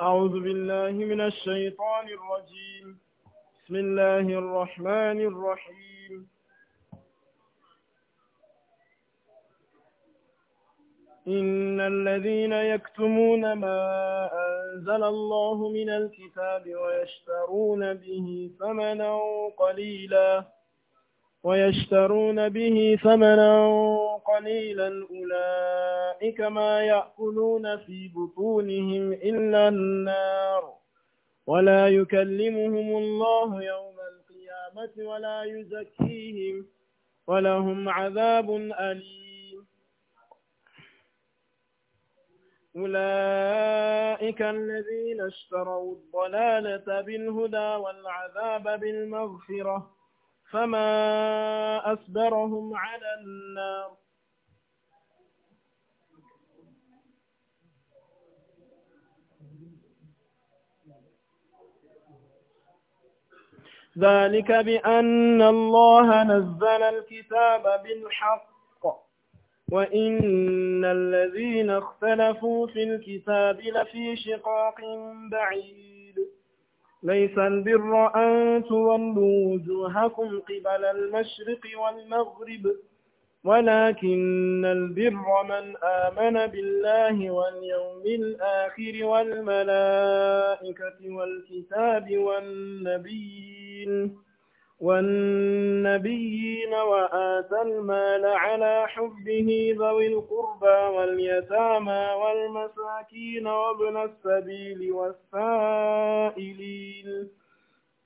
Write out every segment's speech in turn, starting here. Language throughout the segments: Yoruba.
أعوذ بالله من الشيطان الرجيم بسم الله الرحمن الرحيم إن الذين يكتمون ما أنزل الله من الكتاب ويشترون به ثمنا قليلاً ويشترون به ثمنا قليلا أولئك ما يأكلون في بطونهم إلا النار ولا يكلمهم الله يوم القيامة ولا يزكيهم ولهم عذاب أليم أولئك الذين اشتروا الضلالة بالهدى والعذاب بالمغفرة فما أصبرهم على النار ذلك بأن الله نزل الكتاب بالحق وإن الذين اختلفوا في الكتاب لفي شقاق بعيد ليس البر أن تولوا وجوهكم قبل المشرق والمغرب ولكن البر من آمن بالله واليوم الآخر والملائكة والكتاب والنبيين والنبيين وآتى المال على حبه ذوي القربى واليتامى والمساكين وابن السبيل والسائلين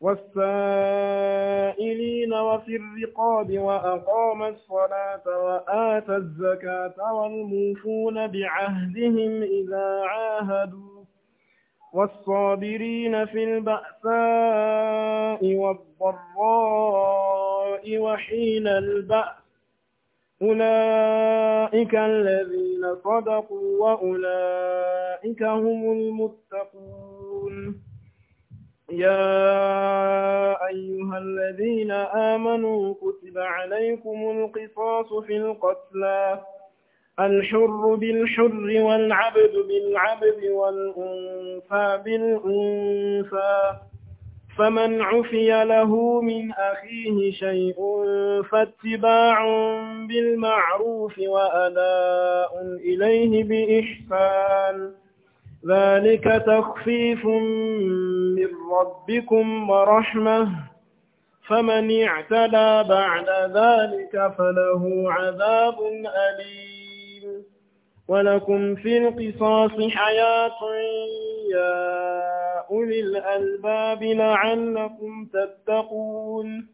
والسائلين وفي الرقاب وأقام الصلاة وآتى الزكاة والموفون بعهدهم إذا عاهدوا والصابرين في البأساء والضراء وحين البأس أولئك الذين صدقوا وأولئك هم المتقون يا أيها الذين آمنوا كتب عليكم القصاص في القتلى الحر بالحر والعبد بالعبد والأنفى بالأنفى فمن عفي له من أخيه شيء فاتباع بالمعروف وأداء إليه بإحسان ذلك تخفيف من ربكم ورحمة فمن اعتدى بعد ذلك فله عذاب أليم ولكم في القصاص حياة يا أولي الألباب لعلكم تتقون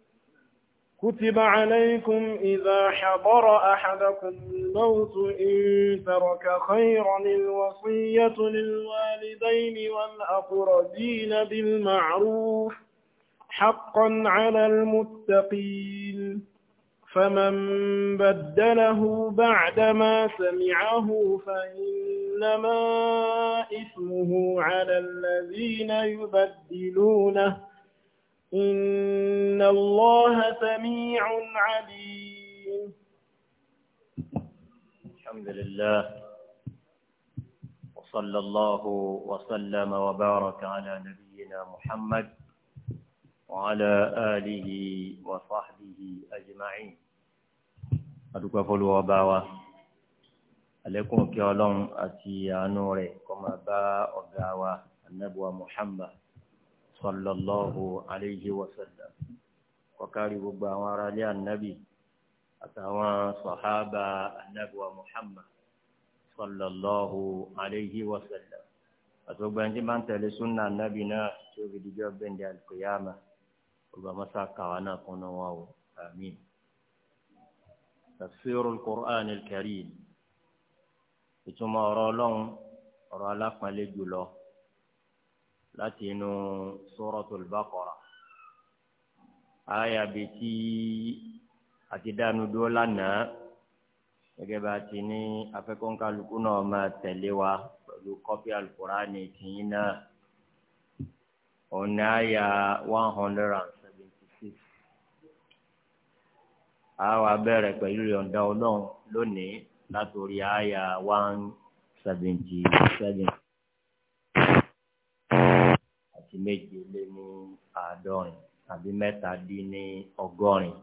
كتب عليكم إذا حضر أحدكم الموت إن ترك خيرا الوصية للوالدين والأقربين بالمعروف حقا على المتقين فمن بدله بعدما سمعه فإنما إثمه على الذين يبدلونه إن الله سميع عليم الحمد لله وصلى الله وسلم وبارك على نبينا محمد وعلى آله وصحبه أجمعين adúpẹ́ fọlọ́wọ́ bá wa alẹ́kùn kí ọlọ́run àti àánú rẹ̀ kọ́ máa bá ọ̀gá wa anábùwà Muhammad sallallahu alayhi wa sallam kọ́kárí gbogbo àwọn aráalé ànábì àtàwọn sọ̀hábà anábùwà Muhammad sallallahu alayhi wa sallam àtọ́gbẹ́ntì máa ń tẹ̀lé súnà ànábì náà tí ó fi dijọ́ bẹ́ndẹ̀ àlùkòyàmà ọgbà mọ́sá kàwá náà kún un wá o àmín tafsirul qur'an al-karim ìtumọ̀ ọ̀rọ̀ ọlọ́run ọ̀rọ̀ alápọ̀nlé jùlọ láti inú suratul baqara àyà bi tí àti dánu dúró lánàá gẹ́gẹ́ bá ti ní afẹ́kọ́ńkálukú náà máa tẹ̀lé wa pẹ̀lú kọ́pì al-Qur'ani tìyín náà ọ̀nà àyà one hundred and a wá bẹ̀rẹ̀ pẹ̀lú ìyọ̀ǹda ọlọ́run lónìí látòrí àyà one seventy seven àti méje lé ní àádọ́rin àbí mẹ́ta dín ní ọgọ́rin.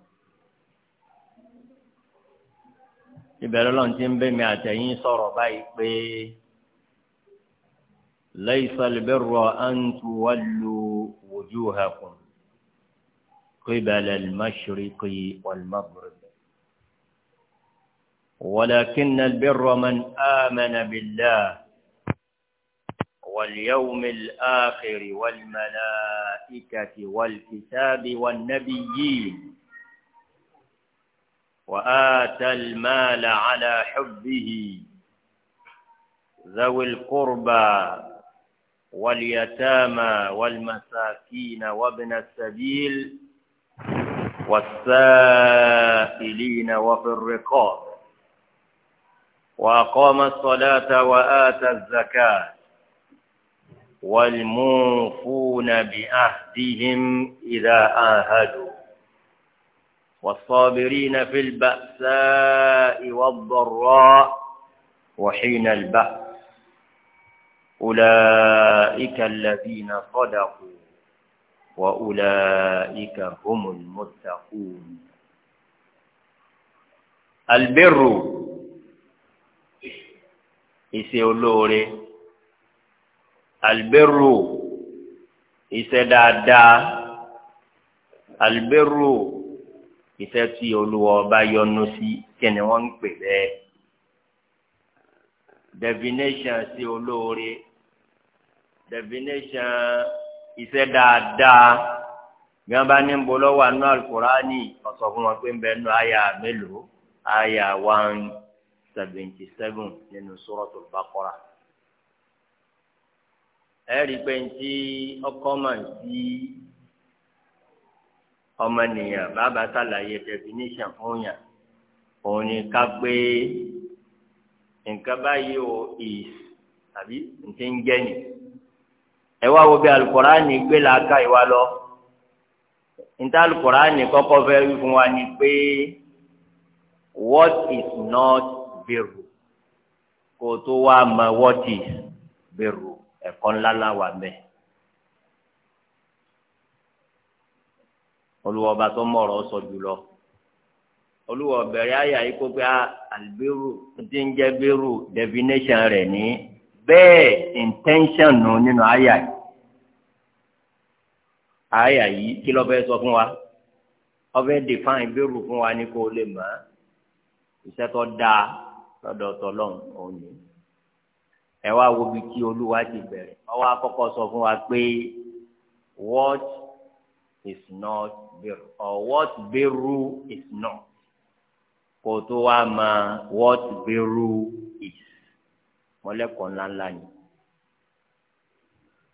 ìbẹ̀rẹ̀ lọ́n ti ń bẹ́ àtẹ̀yìn sọ̀rọ̀ báyìí pé laysal birra an tuwallu قبل المشرق والمغرب ولكن البر من آمن بالله واليوم الآخر والملائكة والكتاب والنبيين وآتى المال على حبه ذوي القربى واليتامى والمساكين وابن السبيل والسائلين وفي الرقاب وأقام الصلاة وآتى الزكاة والموفون بعهدهم إذا عاهدوا والصابرين في البأساء والضراء وحين البأس أولئك الذين صدقوا وأولئك هم المتقون البر iṣẹ́ olóore alberru iṣẹ́ dáadáa alberru iṣẹ́ tí Olúwa Ọba yọ́nú sí kí ni wọ́n ń pè bẹ́ẹ̀ definition sí olóore definition iṣẹ́ dáadáa bí wọ́n bá ní ń bo lọ́wọ́ àánú alukurani ọ̀sọ̀ fún wọn pé ń bẹ nù àyà mélòó àyà one seventy seven nínú Suratul Baqara. ẹ rí i pé ń tí ọkọ̀ máa ń sí ọmọnìyàn bàbá sàlàyé definition fún yàn òun ni ká pé nǹkan báyìí o is tàbí ntí ń jẹ́ nìyí ẹ wá wo bí alukóraani gbé làákà ìwà lọ níta alukóraani kọ́kọ́ fẹ́ wí fún wa ni pé what is not biru kó o tó wá mọ what is biru ẹ̀kọ́ ńlá la wà mẹ́. olùwọ́ba tó mọ̀rọ̀ sọ jùlọ olùwọ́ bẹ̀rẹ̀ àyà yìí kó pé ah, albiru ti ń jẹ́ biru definition rẹ̀ ní bẹ́ẹ̀ intention nù nínú àyà yìí àyà yìí kí lọ́ọ́ fẹ́ sọ fún wa ọbẹ̀ define bẹ́rù fún wa ní kó o lè mọ̀ iṣẹ́ tó dáa lọ́dọ̀ tọ́lọ́n òní ẹ wá wo bí kí olúwa ti bẹ̀rẹ̀ ọwọ́ akọ́kọ́ sọ fún wa pé what is not bẹ́rù or what bẹ́rù is not kó tó wá mọ̀ what bẹ́rù is mọ́lẹ́kọ̀ọ́ ńláńlá ni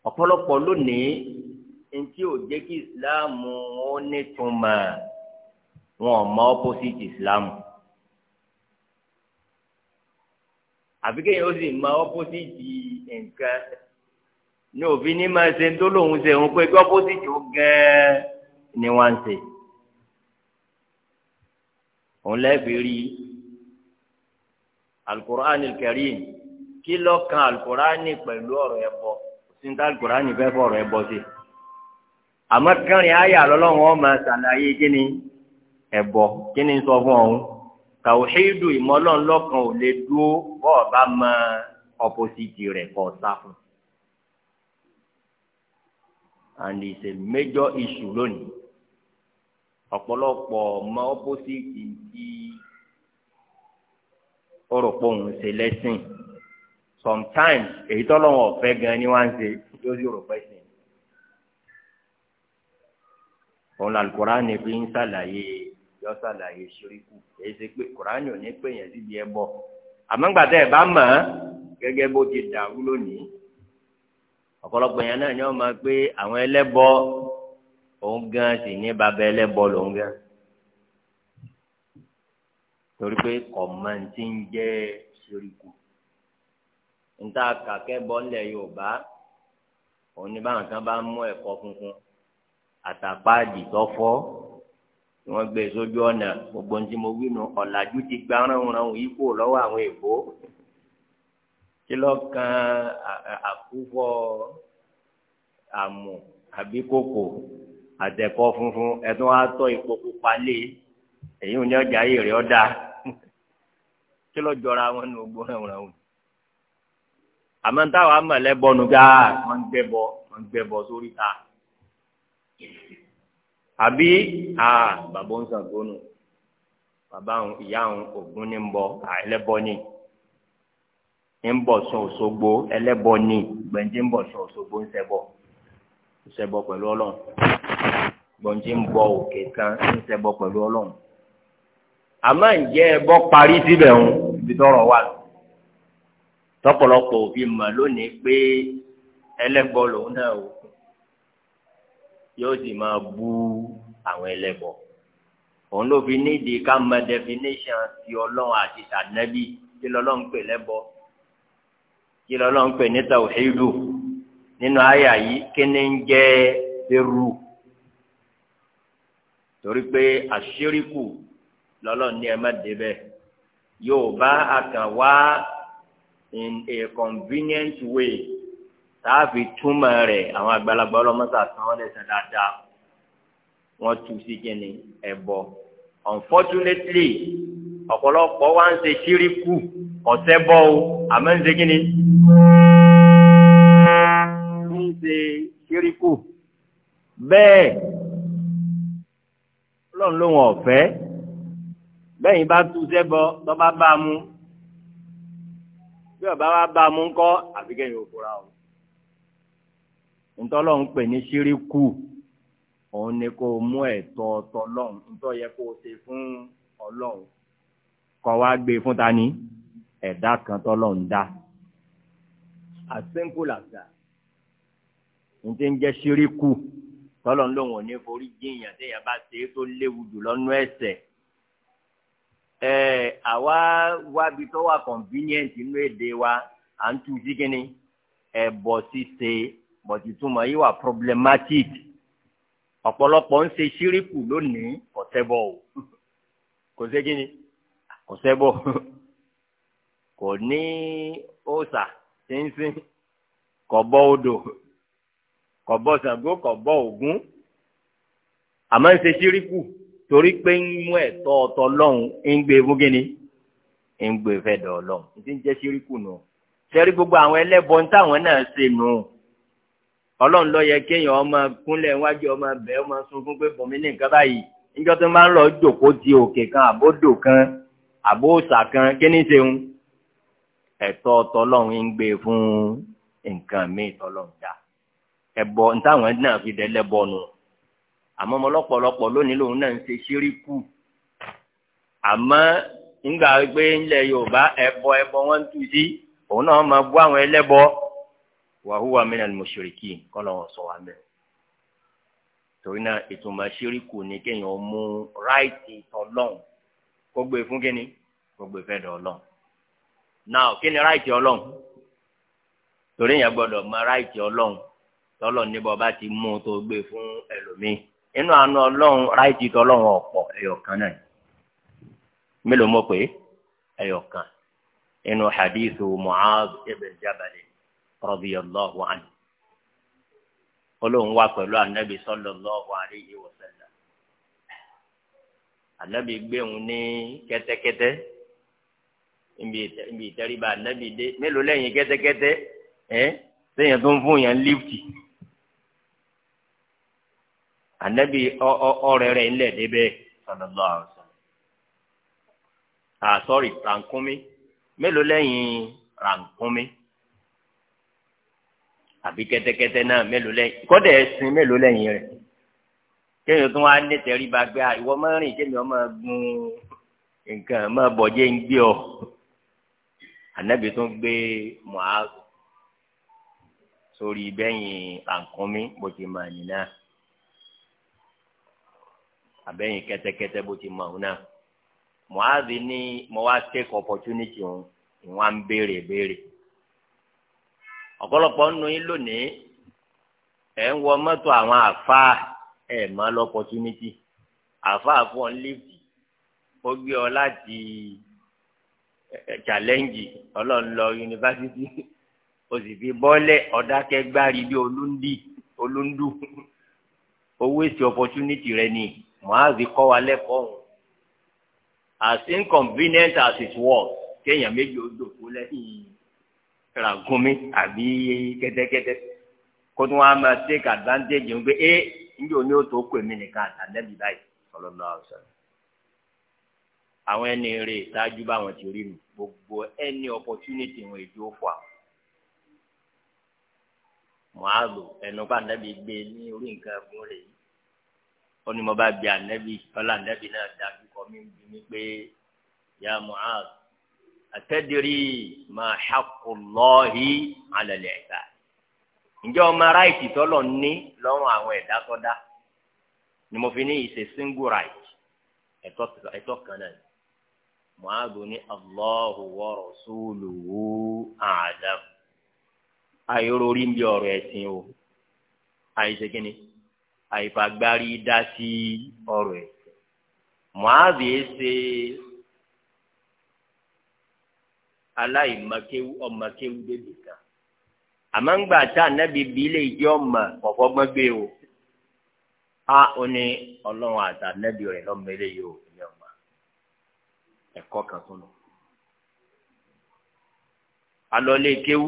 ọ̀pọ̀lọpọ̀ lónìí ntí ò jẹ́ kí ìsìláàmù ó nítumọ̀ wọn ò mọ opposite ìsìláàmù. àfi kéèyàn ó sì mọ opposite nǹkan ní òfin ní máa ṣe tó lóun ṣe òun pé kí opposite ó gẹ́ẹ́ ni wọ́n ń ṣe. òun lẹ́ẹ̀fì rí alukur'an karim kí lọ́ọ́ kan alukur'an pẹ̀lú ọ̀rọ̀ ẹ̀bọ sí ní alukur'an fẹ́ fọ ọ̀rọ̀ ẹ̀bọ sí i àmọ́ kẹrin àyà lọ́lọ́run ọmọ ṣàlàyé kíni ẹ̀bọ kíni sọ fún ọ̀hún tàwùhídù ìmọ̀lọ́run lọ́kàn ò lè dúró bọ́ ọ bá mọ ọpọsìtì rẹ̀ kọ́ sá fún. and it's a major issue lónìí ọ̀pọ̀lọpọ̀ ọmọ ọpọsìtì ti ọ̀rọ̀ pọ̀ ń ṣe lẹ́sìn sometimes èyí tọ́lọ́wọ̀n ọ̀fẹ́ gan ni wọ́n ń ṣe yóò sì òun la alukurani fi ń ṣàlàyé yọ ṣàlàyé ṣíríkù èyí ṣe pé kurani ò ní pè yẹn síbi ẹ bọ àmọ́ngbàtà ẹ̀ bá mọ̀ ẹ́ gẹ́gẹ́ bó ti dàrú lónìí ọ̀pọ̀lọpọ̀ yẹn náà ni wọ́n máa pé àwọn ẹlẹ́bọ òun gan sì ní bàbá ẹlẹ́bọ lòun gan torí pé kọ̀mọ̀ntì ń jẹ́ ṣíríkù níta kàkẹ́ ńlẹ̀ Yorùbá òun ni báwọn kan bá mú ẹ̀kọ́ funfun àtàpáàdì tọ́fọ́ tí wọ́n gbé sójú ọ̀nà gbogbo ní tí mo wí nu ọ̀làjú ti gba ránranran yìí kúrò lọ́wọ́ àwọn èèbó kí ló kan àkúfọ àmù àbí kòkò àtẹ̀kọ́ funfun ẹ̀tún wa tọ́ ipò pupa lé èyí ò ní ọjà yìí rẹ̀ ọ́ da kí ló jọra wọn nu gbogbo ránranran àmọ́ táwa mọ̀lẹ́bọ̀nù gbáà wọ́n ń gbẹ́bọ wọ́n ń gbẹ́bọ sórí ta àbí a bàbá ń sàgbónù bàbá àwọn ìyá àwọn ògún ní ń bọ ẹlẹ́bọ ni ń bọ̀ sùn òṣogbo ẹlẹ́bọ ni gbẹ̀ǹdé ń bọ̀ sùn òṣogbo ń ṣẹbọ ń ṣẹbọ pẹ̀lú ọlọ́run gbọ̀ǹdé ń bọ òkè kan ń ṣẹbọ pẹ̀lú ọlọ́run àmọ́ ǹjẹ́ ẹbọ parí síbẹ̀ ń ibi tọrọ wà tọpọlọpọ òfin mọ̀ lónìí pé ẹlẹ́bọ lòun náà o yóò sì máa bú àwọn ẹlẹ́bọ òun ló fi nídìí ká mọ definition ti ọlọ́run àti tànẹ́bí kí lọ́lọ́run pè lẹ́bọ kí lọ́lọ́run pè ní tàwíìdù nínú àyà yìí kí ni ń jẹ́ bẹ́rù torí pé àṣírìkù lọ́lọ́run ní ẹ má débẹ̀ yóò bá a kàn wá in a convenient way tààfi túmọ̀ rẹ̀ àwọn àgbàlagbà ọlọ́mọ́sà san wọ́n lẹ́sẹ̀ dáadáa wọ́n tu sí kíni ẹ̀bọ unfortunately ọ̀pọ̀lọpọ̀ wa ń ṣe ṣíríkù ọ̀sẹ̀ bọ́ o àmọ́ ń ṣe kíni ń ṣe ṣíríkù bẹ́ẹ̀ ọlọ́run ló wọn ọ̀fẹ́ bẹ́ẹ̀ bá tu sẹ́bọ tọ́ bá bá a mú bí ọba wa bá a mú ńkọ́ àfikẹ́yìn òfurufú ntọ́lọ́hún pè ní ṣíríkù òun ni kò mú ẹ̀tọ́ tọ́lọ́hún ntọ́ yẹ kó o ṣe fún ọlọ́hún kọ́ wa gbé fún ta ni ẹ̀dá kan tọ́lọ́hún dá as simple as that n ti ń jẹ́ ṣíríkù tọ́lọ́hún lòun ò ní forí jíìyàn téèyàn bá ṣe é tó léwu jù lọ́nú ẹ̀ṣẹ̀ ẹ̀ àwa wábi tó wà convenient inú èdè wa à ń tu sí kínní ẹ̀bọ̀ ṣíṣe but ìtumọ̀ yìí wà problematic ọ̀pọ̀lọpọ̀ ń ṣe ṣíríkù lónìí kò ṣẹbọ o kò ṣe kí ni kò ṣẹbọ kò ní òòṣà ṣínṣín kò bọ odò kò bọ Ṣàngó kò bọ Ògún àmọ́ ń ṣe ṣíríkù torí pé ń mú ẹ̀tọ́ ọ̀tọ̀ lọ́hùn ń gbé fún kí ni ń gbé fẹ́ dọ̀ ọlọ́hùn ní ti ń jẹ́ ṣíríkù nù sẹ́rí gbogbo àwọn ẹlẹ́bọn táwọn náà ṣe nù. No ọlọ́run ló yẹ kéèyàn ọmọ kúnlẹ̀ wájú ọmọ bẹ̀ ọmọ sunkún pé fún ní nǹkan báyìí níjọ́ tó máa ń lọ jókòó ti òkè kan àbódò kan àbóòsà kan kí ni ṣeun ẹ̀tọ́ tọlọ́run ń gbé fún nǹkan míì tọlọ́run dá ẹ̀bọ ntáwọn náà fi dẹ́lẹ́ bọ́nu àmọ́ ọmọ lọ́pọ̀lọpọ̀ lónìí lòun náà ń ṣe ṣíríkù àmọ́ nígbà pé ńlẹ̀ Yorùbá ẹ̀bọ ẹ̀bọ wọ́n ń tu sí òun náà máa bú àwọn ẹlẹ́bọ wàhùwà minal mushrikin kọ́lọ̀ sọ wà mẹ́. torí náà ìtumọ̀ ṣíríkù ni kéèyàn mú ráìtì tọ́lọ́n kó gbé e fún kínní kó gbé e fẹ́ dọ̀ ọlọ́n. náà kí ni ráìtì ọlọ́n torí yẹn gbọ́dọ̀ mọ ráìtì ọlọ́n tọ́lọ̀ níbọ̀ bá ti mú tó gbé e fún ẹlòmíì inú àánú ọlọ́run ráìtì tọ́lọ́run ọ̀pọ̀ ẹ̀yọ̀kan náà radiyallahu anhu olóhùn wa pẹ̀lú anabi sallallahu alayhi wa anabi gbẹ̀hùn ní kẹ́tẹ́kẹ́tẹ́ níbi ìtẹ́ríba anabi dé mélòó lẹ́yìn kẹ́tẹ́kẹ́tẹ́ ẹ́ sẹ́yìn tó ń fún yẹn lift anabi ọ̀rẹ́ rẹ̀ ńlẹ̀ débẹ̀ sallallahu alayhi wa ah sorry rànkúnmi mélòó lẹ́yìn rànkúnmi. àbí kẹtẹkẹtẹ náà mélòó lẹ́yìn kọ́dẹ̀ ẹ̀sìn mélòó lẹ́yìn rẹ̀ kéèyàn tún wá ní tẹríba gbé ìwọ mọ́rin kéèmí ọmọ gun nǹkan mọ́ bọjẹ ń gbé ọ ànábì tún gbé Mu'az sórí bó ti kẹtẹkẹtẹ bó ti náà ní wá take opportunity òun ń béèrè ọ̀pọ̀lọpọ̀ nínú yín lónìí ẹ̀ ń wọ mọ́tò àwọn àfáà ẹ̀ má lọ́pọ̀túnítì àfáà fún ọ lẹ́fì ó gbé ọ láti challenge ọlọ́run lọ yunifásitì o sì fi bọ́lẹ̀ ọ̀dákẹ́gbárí bí olúndì olúndù owó èsì opportunity rẹ ni mọ́àzì kọ́ wa lẹ́kọ̀ọ́ òun as inconvenient as it was kéèyàn méjì ó dòkú lẹ́yìn ràgúnmi àbí kẹ́tẹ́kẹ́tẹ́ kó tún wá máa take advantage ń pé é níbi òní ó tó kó èmi nìkan àtàndẹ́bí báyìí sallallahu alaihi wasallam. àwọn ẹni rè ṣáájú báwọn ti rí nu gbogbo ẹni opportunity wọn èdè ó fọ àwọn mọ́àlù ẹnu bá ànábì gbé ní orí nǹkan ẹ̀gbọ́n rẹ̀ yìí ó ní mo bá bí ànábì ọlá ànábì náà dájú kọ mí bí mi pé ya mọ́àlù àtẹ́dìrí máa haqqullahi ala al-ibad ǹjẹ́ ọmọ ráìtì tọ́lọ̀ ní lọ́rùn àwọn ẹ̀dá tọ́dá ni mo fi ní ìṣe single right ẹ̀tọ́ kan náà ni muhammadu ní Allahu wa rasuluhu a'lam àìrórí ń bí ọ̀rọ̀ ẹ̀sìn o àìṣe kínní àìfàgbárí dá sí ọ̀rọ̀ ẹ̀sìn muhammadu ṣe aláìmọ̀kéwu ọmọkéwu débi kan àmọ́ ń gbà tá ànábì bí ilé ìjọ ọmọ ọ̀fọ́gbọ́n gbé o a ó ní ọlọ́run àtànábì rẹ̀ lọ́mọ eléyìí o ìyá ọmọ ẹ̀kọ́ kan tó nù. alọ́lé kéwu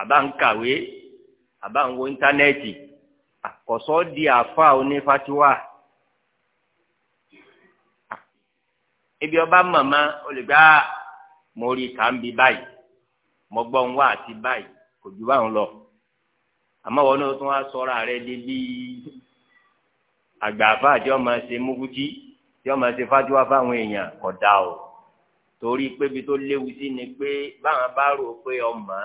àbá ń kàwé íńtánẹ́ẹ̀tì àkọ́sọ́ di àfa onífatiwa. ibi ọba màmá olùgbà mo rí kàmbi báyìí mo gbọ́ ń wá àti báyìí kò ju báwọn lọ àmọ́ wọn náà tún wá sọ́ra rẹ délé àgbààfà tí wọ́n máa ṣe múkútí tí wọ́n máa ṣe fájúwá fáwọn èèyàn kò dá o torí pé ibi tó léwu sí ni pé báwọn bá rò pé ọmọ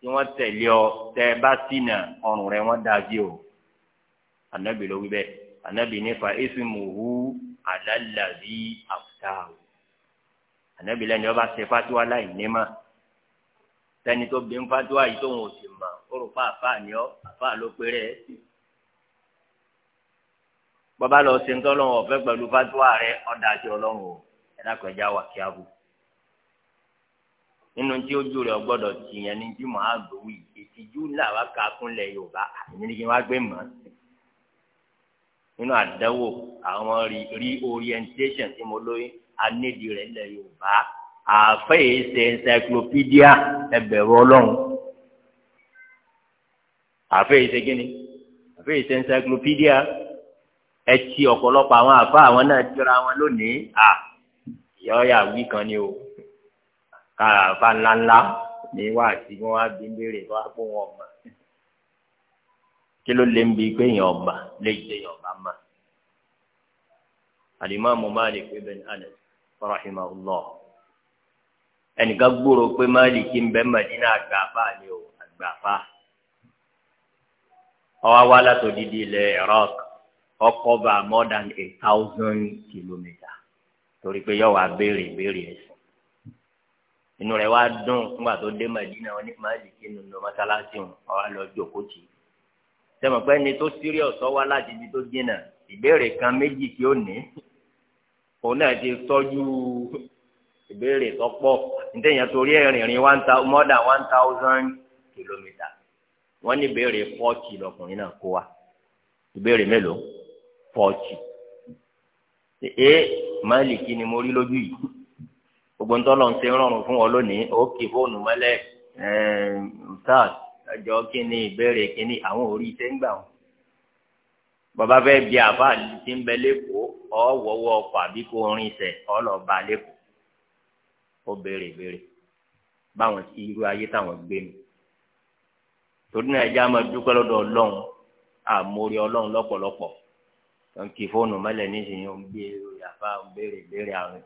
tí wọ́n tẹ̀lé ọ tẹ́ ẹ bá ṣìnà ọrùn rẹ wọ́n dá sí o ànábì ló wí bẹ́ẹ̀ ànábì nípa èsì mòwú àlàlàbí àfùtà ànábì lẹ́ni ọba ṣe fatiwa láì ní ma sẹ́ni tó bí ń fatiwa yìí tóun ò sì mọ̀ ó rò pa àfa ni ọ́ àfa ló péré ẹ̀ bọ́bá lọ ṣe ń tọ́lọ́wọ́ ọ̀fẹ́ pẹ̀lú fatiwa rẹ ọ̀dà àti ọlọ́run o ẹ̀dá kọjá wà kí a bù nínú tí ojú rẹ gbọ́dọ̀ tìyẹn ní tí màá gbowó yìí ìtìjú ńlá wa ká kúnlẹ̀ yorùbá àmì ni kí n wá gbé mọ́ nínú àdánwò àwọn rí orientation tí mo lóyún anédi rẹ̀ lẹ̀ yorùbá àfẹ́ yìí ṣe encyclopedia ẹgbẹ̀rún ọlọ́run àfẹ́ yìí ṣe gíní àfẹ́ yìí ṣe encyclopedia ẹ ti ọ̀pọ̀lọpọ̀ àwọn àfa àwọn náà jọra wọn lónìí à yọ̀ọ́yà wí kan ni o ká àfa ńláńlá ní wá àti wọn wá bí wọn á wọn ọmọ kí ló lè ń bi pé èèyàn ọba lè jẹ èèyàn ọba mọ Alimamu Malik ibn Anas rahimahullah ẹnìkan gbúrò pé máàlìkì ń bẹ mẹdínà àgbàfà ni o àgbàfà ọwọ wa látòdìdí ilẹ̀ Iraq ọkọ bá more than a thousand kilometre torí pé yọ wá béèrè béèrè ẹsìn inú rẹ̀ wá dùn nígbà tó dé mẹdínà wọn ní máàlìkì nínú wọn ọwọ lọ láti tó ìbéèrè kan méjì tí ó òun náà ti tọ́jú ìbéèrè tọ́pọ̀ ntẹ̀yìn torí ẹ̀ rìnrìn one thousand more than one thousand kilometre wọ́n ní ìbéèrè fọ́ọ̀tì lọkùnrin náà kó wa ìbéèrè mélòó fọ́ọ̀tì ee máàlìkì ni mo rí lójú yìí gbogbo ntọ́lọ̀ ń ṣe rọrùn fún ọ lónìí ó kì fóònù mọ́lẹ̀ ẹ̀ẹ́d ṣáà ẹjọ́ kí ni ìbéèrè kí ni àwọn orí iṣẹ́ ń gbà wọn bàbá fẹ́ bí àfa ti ń bẹ lẹ́kọ̀ọ́ ọ wọ́wọ́ ọkọ̀ àbí kò rin sẹ̀ ọ lọ bá lẹ́kọ̀ọ́ ó béèrè béèrè báwọn irú ayé táwọn gbé mi torí náà ẹja máa dúpẹ́ lọ́dọ̀ ọlọ́run àmórí ọlọ́run lọ́pọ̀lọpọ̀ wọn kì í fóònù mọ́lẹ̀ nísìnyí ó ń bí orí àfa ó béèrè béèrè àwọn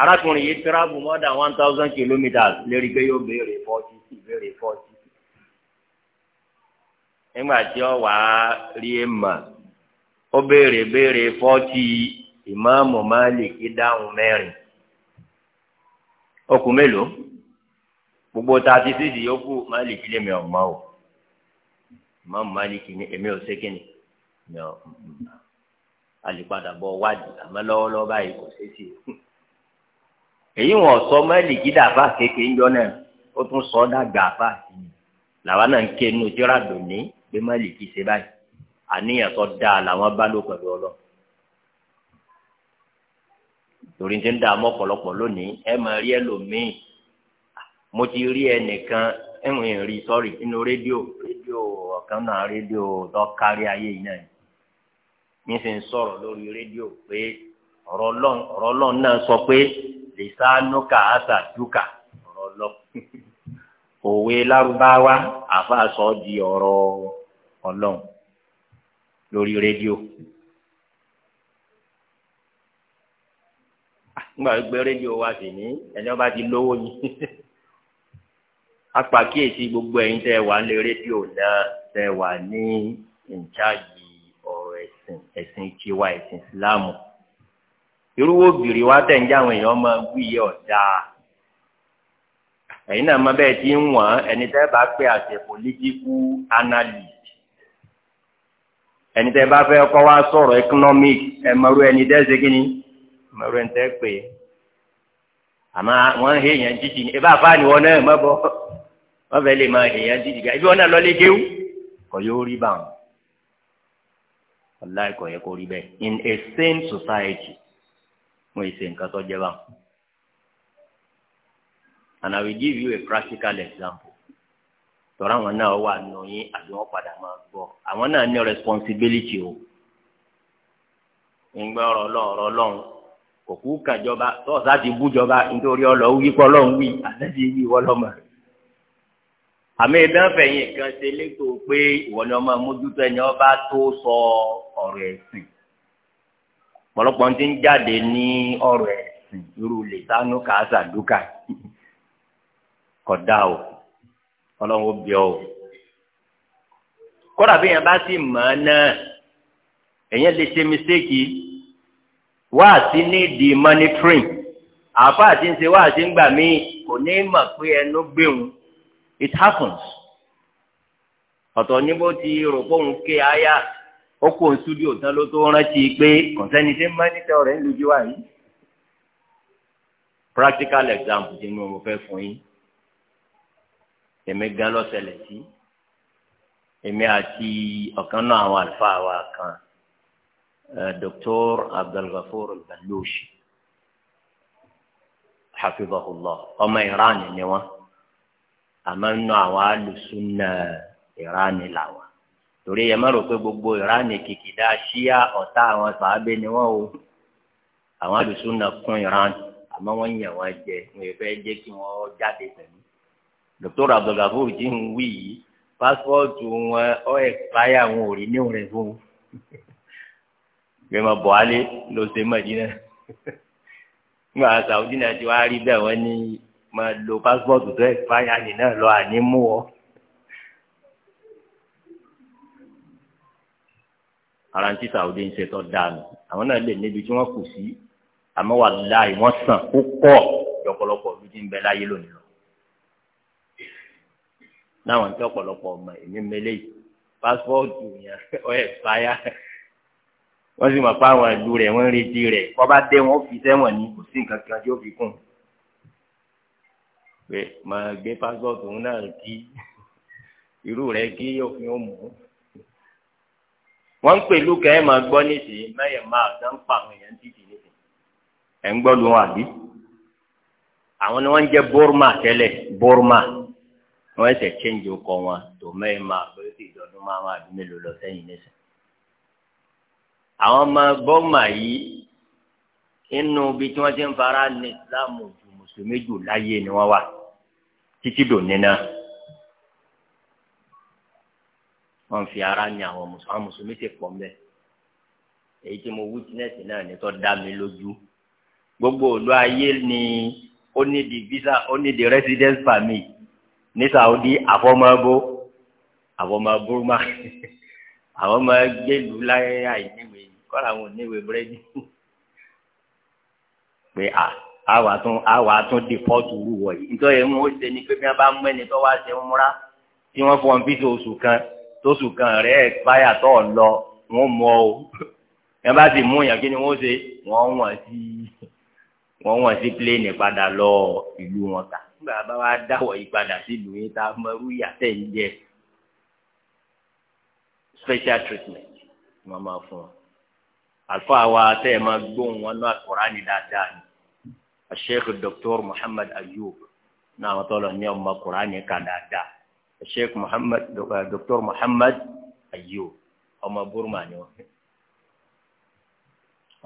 arákùnrin yìí tíráàbù more than one thousand kilometres lérí pé yóò béèrè forty sí béèrè forty nígbà tí ó wà á rí ẹ e mà ó béèrè béèrè fọ́tì ìmáàmù Málíkì dáhùn mẹ́rin okùn mélòó gbogbo tàbí sídìí yòókù Málíkì lèmi ọ̀mọ́ o ìmáàmù Málíkì ni èmi ò sé kíni ni ọ̀ alìpadà bọ̀ wádìí àmọ́ lọ́wọ́lọ́wọ́ báyìí kò ṣeé ṣe èyí wọn sọ Málíkì dàbà kékeré ń jọ náà ó tún sọ dàgbà àbá làwa náà ń ké nu tíra dòní pé Málíkì ṣe báyìí àníyàn tó dáa làwọn bá lò pẹ̀lú ọlọ́run torí ti ń dà mọ́ ọ̀pọ̀lọpọ̀ lónìí ẹ máa rí ẹlòmíì mo ti rí ẹnìkan ẹ̀wọ̀n ìrì sọ́ọ̀rì nínú rédíò rédíò ọ̀kan náà rédíò tó kárí ayé yìí náà ní sì ń sọ̀rọ̀ lórí rédíò pé ọ̀rọ̀ ọlọ́run náà sọ pé lèsánúkà àtàdúkà ọ̀rọ̀ ọlọ́run òwe lárúbáwá àfa sọ di ọ̀rọ̀ ọ̀rọ̀ ọlọ́run lórí rédíò. Ah, nígbà wípé rédíò wa sì ní ẹni ọba ti lówó yìí apàkíyèsí gbogbo ẹ̀yin tẹ́ wà lé rédíò náà tẹ́ wà ní ìjáàjì ọ̀rọ̀ ẹ̀sìn ẹ̀sìn tiwa ẹ̀sìn ìsìláàmù irúwó bìrì wa tẹ̀ ń jẹ́ àwọn èèyàn máa wíyẹ ọ̀dà ẹ̀yin náà máa bẹ́ẹ̀ ti ń wọ̀n ẹni tẹ́ bá pé àṣẹ pòlítíkù analyst ẹni tẹ́ bá fẹ́ economic ẹ ẹni tẹ́ ṣe kíni ẹni tẹ́ pè é àmọ́ wọ́n ń jíjì ní ibà fáàní wọn náà ma bọ́ wọ́n fẹ́ lè máa hèèyàn jíjì gà wọn náà kò yóò rí ọláì kò in a sane society wọ́n ṣe nǹkan tó and I will give you a practical example. tọ́ra àwọn náà wà nù yín àbí wọ́n padà máa gbọ́ àwọn náà ní responsibility o ìgbà ọrọ lọ́ọ̀rọ̀ lọ́hùn òkú kàjọba tọ́ọ̀sá ti bújọba nítorí ọlọ́ wí kọ́ lọ́hùn wí àtẹ́sí wí wọ́lọ́mọ. àmì ìdánfẹ̀ yìí kan ṣe létò pé ìwọ ni ọmọ sọ ti ń jáde ní irú lè ọlọ́run ó bí ọ o kódà bí yẹn bá sì mọ̀ ọ́ náà èyàn lè ṣe mistake wáàsí ní di monitoring àfa àti ń ṣe wáàsí ńgbà míì kò ní mọ̀ pé ẹnu gbéhùn it happens ọ̀tọ̀ ní bó ti rò pé ké aya ó kó ń studio tán ló tó rántí pé kọ̀ǹsẹ́ni ṣe ń mọ́nítọ̀ rẹ̀ ń lójú wa yìí practical example ti ní mo fẹ́ fún yín èmi gan ló ṣẹlẹ̀ sí èmi àti ọ̀kan náà àwọn àlùfáà wa kan Dr. Abdulgafur Balushi hafizahullah ọmọ Iran ni wọn àmọ́ nínú àwọn alùsùnà Iran làwọn torí ẹ má rò pé gbogbo Iran kìkìdá ṣíà ọ̀tá àwọn sàábé ni wọn o àwọn alùsùnà kún Iran àmọ́ wọ́n yàn wọ́n jẹ wọ́n yẹ fẹ́ jẹ́ kí wọ́n jáde pẹ̀lú dr abdulgafur ti ń wí yìí pásítọ̀tù wọn ọ ẹ̀káyà wọn ò rí níwọ̀n rẹ̀ fún un gbẹmọ buhari ló ṣe mọ̀dínà nígbà sàwùdí náà ti wá rí bẹ́ẹ̀ wọ́n ní máa lo pásítọ̀tù tó ẹ̀káyà nìyẹn lọ àní mú ọ. arantí sàwùdí ń ṣe tó dànù àwọn náà lè níbi tí wọ́n kù sí àmọ́ wà láì wọ́n sàn púpọ̀ lọ́pọ̀lọpọ̀ ló ti ń bẹ láyé lónìí lọ láwọn tí ọ̀pọ̀lọpọ̀ ọmọ èmi mẹ́lẹ̀ yìí pásítọ̀tù yẹn ọ ẹ̀ fáyà wọ́n sì mọ̀ pé àwọn ìlú rẹ̀ wọ́n ń retí rẹ̀ kọ́ bá dé wọn fi sẹ́wọ̀n ní kò sí nǹkan kan tí ó fi kún pé màá gbé pásítọ̀tù náà kí irú rẹ̀ kí òfin ó mú wọ́n ń pè lúkẹ́ ẹ̀ máa gbọ́ nísìnyí mẹ́yẹ̀ máa dán pa àwọn èèyàn títì nísìnyí ẹ̀ ń gbọ́ lu wọn àbí àwọn ni wọ́n ń jẹ́ Burma tẹ́lẹ̀ Burma wọ́n ẹsẹ̀ change ọkọ̀ wọn tó mẹ́rin máa bẹ́ẹ̀ sì ìdọ́dún máa máa bí mélòó lọ sẹ́yìn nísìn. àwọn ọmọ bọ́ọ̀mà yìí inú ibi tí wọ́n ti ń fara ní ìsìláàmù jù mùsùlùmí jù láyé ni wọ́n wà títí dòní náà. wọ́n fi ara ní àwọn mùsùlùmí ti pọ̀ mẹ́ èyí tí mo witness náà ní tó dá mi lójú gbogbo òlu ayé ni ó ní di visa ó ní di residence permit ní Saudi àfọmọ́bó àfọmọ́ Burma àfọmọ́ gbèlú láyé àìníwèé kọ́ra àwọn oníwèé búrẹ́dì pé à àwa tún àwa tún di pọ́ọ̀tù wù wọ̀nyí nítorí ẹ̀ mú ó ṣe ni pé bí wọ́n bá mú ẹni tó wá ṣe ń múra tí wọ́n fọ́n fi oṣù kan tóṣù kan rẹ̀ ẹ̀ báyà tó lọ wọ́n mọ̀ ọ́ yẹn bá ti mú yàn kí ni wọ́n ṣe wọ́n wọ̀n sí wọ́n wọ̀n sí pléènì padà lọ ìlú wọn ta nígbà bá wa dáwọ̀ ìpadà sílùú yìí tá a mọrú yàtẹ̀ ń jẹ special treatment ni wọ́n máa fún ọ. àlùfáà wa tẹ́ ẹ máa gbóhùn wọn náà Kùránì dáadáa ni Sheikh Dr. Muhammad Ayub náà wọ́n tọ́lọ̀ ní ọmọ Kùránì ká dáadáa Sheikh Muhammad Dr. Muhammad Ayub ọmọ Burma ni wọ́n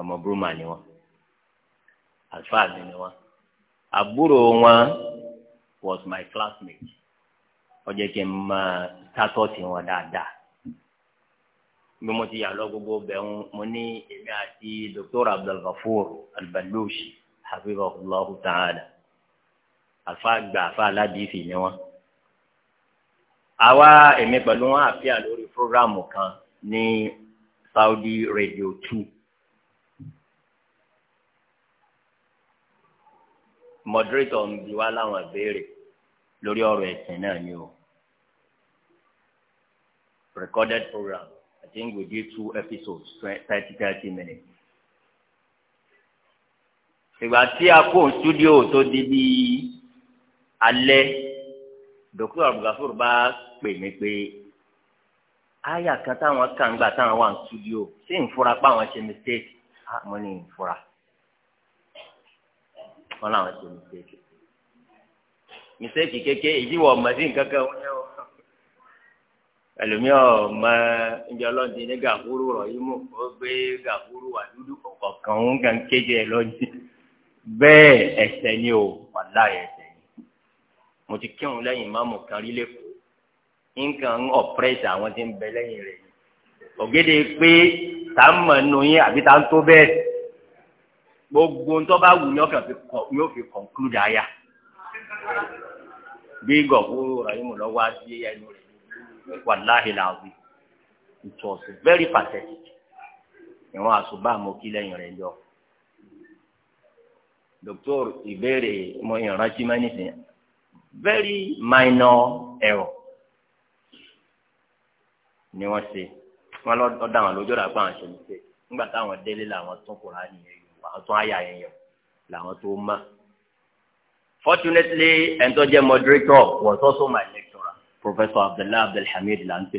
ọmọ Burma ni wọ́n àlùfáà mi ni wọ́n àbúrò wọn was my classmate ọjọ́ kí n máa sátọ́ọ̀tì wọn dáadáa bí mo ti yà lọ gbogbo bẹ́ẹ̀ mo ní èmi àti Dr. Abdulgafur Albalushi hafizahullahu ta'ala àfa àgbà àfa aládìsí ni wọn. àwa èmi pẹ̀lú wọn àfíà lórí fúrógráàmù kan ní Saudi Radio two. moderator ń bi wá láwọn ìbéèrè lórí ọ̀rọ̀ ẹ̀sìn náà ni o recorded program I think we do two episodes thirty thirty minutes. ìgbà tí a kó studio tó di bí alẹ́ dókítà abdulgafur bá pè mí pé àyà kan táwọn kà ń gbà táwọn wà ní studio ṣé ń fura pa àwọn ṣe mistake ah mo ní ń fura wọn làwọn ṣe mistake mísẹ́ẹ̀kì kéke ìdíwọ̀ ọ̀mọ̀dé nǹkan kan wọ́n yẹ ọ́ ẹlòmíọ̀ mọ ibi ọlọ́ọ̀dì ní gàfúrú rọ̀ yìí mú ó gbé gàfúrú wà dúdú kọ̀ọ̀kan ń kàn kéde ẹ̀ lọ́dí bẹ́ẹ̀ ẹ̀sẹ̀ ni o wàlá ẹ̀sẹ̀ ni mo ti kírun lẹ́yìn máàmù kan rí lẹ́kọ̀ọ́ nǹkan ń ọ̀pẹ́rẹ́sì àwọn tí ń bẹ lẹ́yìn rẹ̀ ògèdè pé tá a mọ̀ nù yín àbí tá a ń tó bẹ́ẹ̀ gbogbo ń tọ́ bá wù ní ọkàn yóò fi kọ̀ǹkúdà yá bí gọ̀fúrú rahimu lọ́wọ́ á sí ẹnu rẹ̀ wàláhì làwí it was very pathetic ìwọ̀n àṣùbà mo kí lẹ́yìn rẹ̀ yọ. doctor ìbéèrè mo ìrántí máa ń sìn very minor error ni wọ́n ṣe wọ́n lọ dá àwọn lójú rà pé àwọn ṣe ní ṣe nígbà táwọn délé làwọn tún kura nìyẹn yòó àwọn tún àyà yẹn yòó làwọn tó máa fortunately ẹni jẹ́ moderator was also my lecturer professor abdullahi abdulhamid lante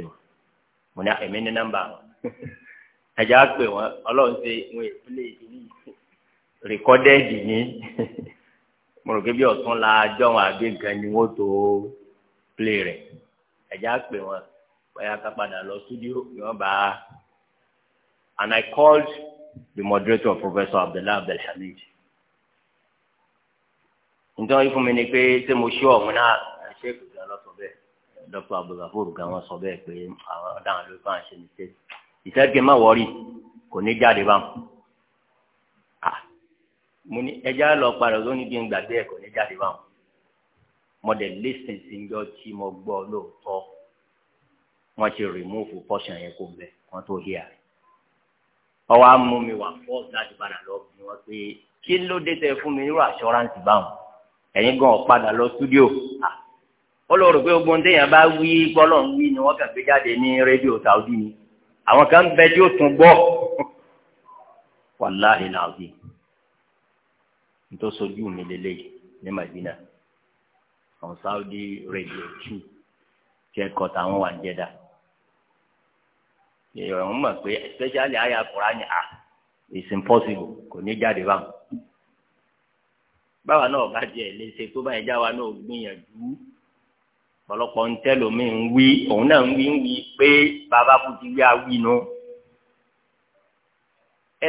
mo ní ẹ̀mí ní nọ́mbà wọn ẹ̀jẹ̀ á pè wọ́n ọlọ́run ṣe wọ́n ìpínlẹ̀ ìpínlẹ̀ rìkọ́dẹ́ẹ̀dì ní mo rò pé bí ọ̀tún la jọ̀wọ́n àbí nǹkan ni wọ́n tó play rẹ̀ ẹ̀jẹ̀ á pè wọ́n bóyá ká padà lọ studio ni wọ́n bá and I called the moderator professor abdullahi abdulhamid nítorí wọn fún mi ni pé ṣé mo ṣú ọ̀hún náà ṣé kò gan lọ sọ bẹ́ẹ̀ dr abdulgafur gan wọn sọ bẹ́ẹ̀ pé àwọn ọ̀daràn ló fà ń ṣe ní ṣe ìṣẹ́gi má wọ́ọ̀rì kò ní jáde bá wọn. mo ní ẹja lọ padà tó ní kí n gbàgbé ẹ̀ kò ní jáde bá mo dẹ̀ listen sí njọ́ tí mo gbọ́ lóòótọ́ wọ́n ti remove portion yẹn kó bẹ̀ wọ́n tó hí àrẹ. ọwọ́ á mú mi wà fọ́ọ̀sì láti padà lọ bí wọ́n pé kí ló dé tẹ fún mi irú assurance báwọn ẹ̀yin gan ọ̀padà lọ stúdíò ó lọ rò pé ogun téèyàn bá wí gbọ́lọ̀ ń wí ni wọ́n kàn gbé jáde ní rédíò Saudi ni àwọn kan ń bẹ tí ó tún gbọ́ wàláhì làwùjì nítorí sojú mi lélẹ́yìí ní Madina àwọn Saudi rédíò two tí ẹ kọ́ táwọn wà ń jẹ́dá ìrọ̀rùn mọ̀ pé especially àyà Kùránì à it's impossible kò ní jáde báwọn báwa náà bá jẹ léṣe tó báyìí jáwa náà gbìyànjú ọ̀pọ̀lọpọ̀ ń tẹ́lómi ń wí òun náà ń wí ń wí pé bàbá kú ti wí awí nu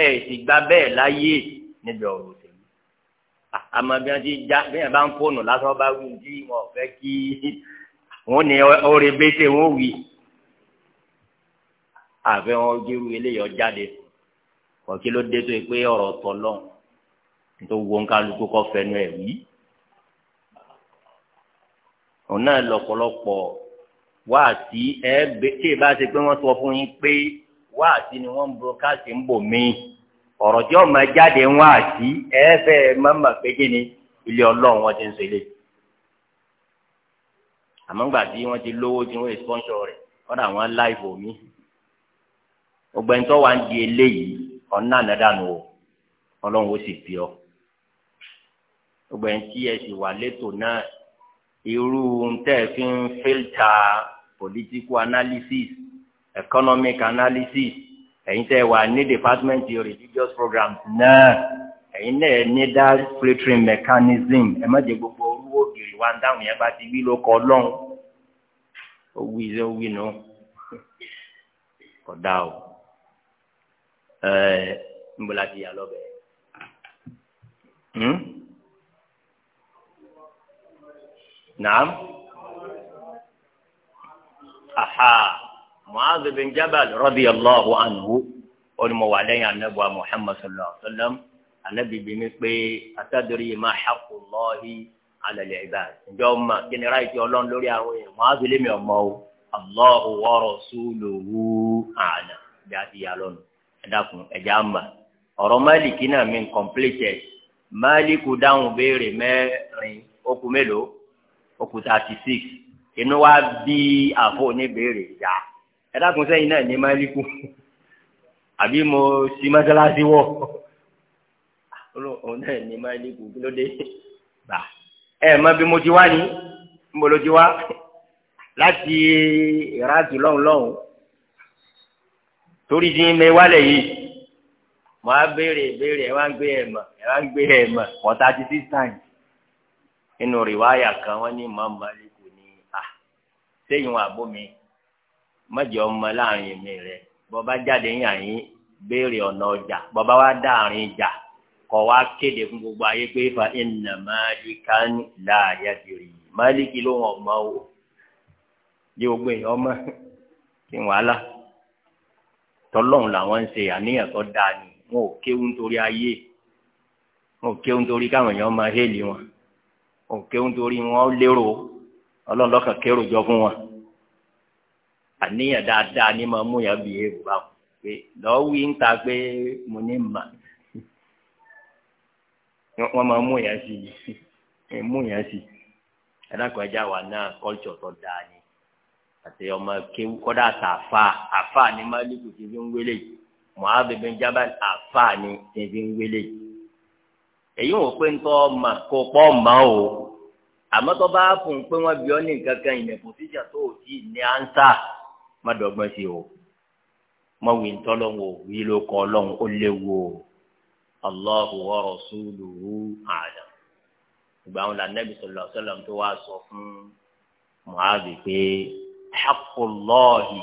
ẹ sì gba bẹ́ẹ̀ láyé níbi ọ̀rọ̀ òṣèlú àmọ́ bí wọ́n ti já bí wọ́n bá ń fóònù lásán bá wí ní wọn ò fẹ́ kí wọ́n ní ọ̀rẹ́ bẹ́tẹ̀ wọ́n wí àfẹ́ wọn gírú eléyọ̀ jáde kọ̀kí ló dé tó yẹ pé ọ̀rọ̀ tọ̀ lọ́hùn tó wo nkálukú kọ́ fẹnu ẹ̀ wí. òun náà lọ́pọ̀lọpọ̀ wá àti ẹ bẹ tí ì bá ṣe pé wọ́n sọ fún yín pé wá àti ni wọ́n ń broadcast ń bò mí ọ̀rọ̀ tí ọmọ jáde ń wá àti ẹ fẹ́ mọ́mọ́ pé kí ni ilé ọlọ́run wọn ti ń ṣẹlẹ̀ àmọ́ ńgbà tí wọ́n ti lówó tí wọ́n sponsor rẹ̀ kọ́dà wọ́n láìfò mí ọgbẹ́ntọ́ wa ń di eléyìí ọ̀nà ànádànù o ọlọ́run ó sì fi ọ́ gbogbo ẹni tí ẹ sì wà létò náà irú tẹ́ ẹ fi ń fílta political analysis economic analysis ẹ̀yin tẹ́ ẹ wà ní department religious programs náà ẹ̀yin náà ní that filtering mechanism ẹ má jẹ gbogbo orúwó gírí wa ń dáhùn yẹn bá ti wí ló kọ lọ́hùn ó wí ṣé ó wí o ẹ ń bọ́lá ti yà lọ́bẹ̀ẹ́. Hmm? naam aha mu'adh bin jabal radiyallahu anhu olùmọ̀wà lẹ́yìn anabuwa muhammad sallallahu alayhi wa sallam anabi bi mi pé atadiri ma haqqullahi ala al-ibad ǹjọ́ ma kí ni ráìtì ọlọ́run lórí àwọn èèyàn mu'adh lè mi ọmọ o allahu wa rasuluhu a'lam bí a ti yà lọ́nu ẹ̀dá kun ẹ̀dá mà ọ̀rọ̀ máàlì kí náà mi ń kọ́ńpléṣẹ̀ máàlì kù dáhùn béèrè mẹ́rin ó kù mélòó okùn thirty six inú wa bí àfọ oníbèrè ìyá ẹ dákun sẹ́yìn náà ní máìlíkù àbí mo ṣí mọ́sálásí wọ̀ òun náà ní máìlíkù kí ló dé gbà ẹ mọ bí mo ti wá ní níbo ló ti wá láti ìrántí lọ́hùn lọ́hùn torí ti ń bẹ wálẹ̀ yìí mo á béèrè béèrè ẹ wá ń gbé ẹ mọ̀ ẹ wá ń gbé ẹ mọ̀ for thirty six times. inú rìwáyà kan wọ́n ní Imam ni ah à sẹ́yìn wọn àbómi mọ̀jẹ̀ ọmọ láàrin èmi rẹ̀ bọ́ba jáde ń yàn yín béèrè ọ̀nà ọjà bọ́ba wá dáàrin ìjà kọ̀ wá kéde fún gbogbo ayé pé fa ina Malikan la yadri Maliki ló wọn mọ o yóò gbé ọmọ kí wàhálà tọlọ́hún làwọn ń ṣe àníyàn tó dáa ni wọn ò kéwú nítorí ayé wọn ò kéwú òǹkẹ́ ń torí wọn lérò ọlọ́run lọ́kàn kérò jọ fún wọn àníyàn dáadáa ní máa mú yàn bí bá wọn pé lọ́ọ́ wí ń ta pé mo ní mà wọ́n máa mú yàn sí i mú yàn sí i ẹ̀dàkọ̀ọ́jà wà náà ni àti ọmọ kéwú kọ́dà ni èyí wò pé ńkọ́ ọmọ kò pọ̀ ọmọ o àmọ́ tó bá fún un pé wọ́n bí ọ ní nǹkan kan ìyẹn kò síjà tó o tí ní ánsá má dọ́gbọ́n sí o mọ wí ń tọ́lọ́hún o wí ló kọ́ ọlọ́hún ó léwu o Allahu wa rasuluhu a'lam ìgbà wọn la Nabi sallallahu alaihi wasallam tó wá sọ fún Mu'adh pé haqqullahi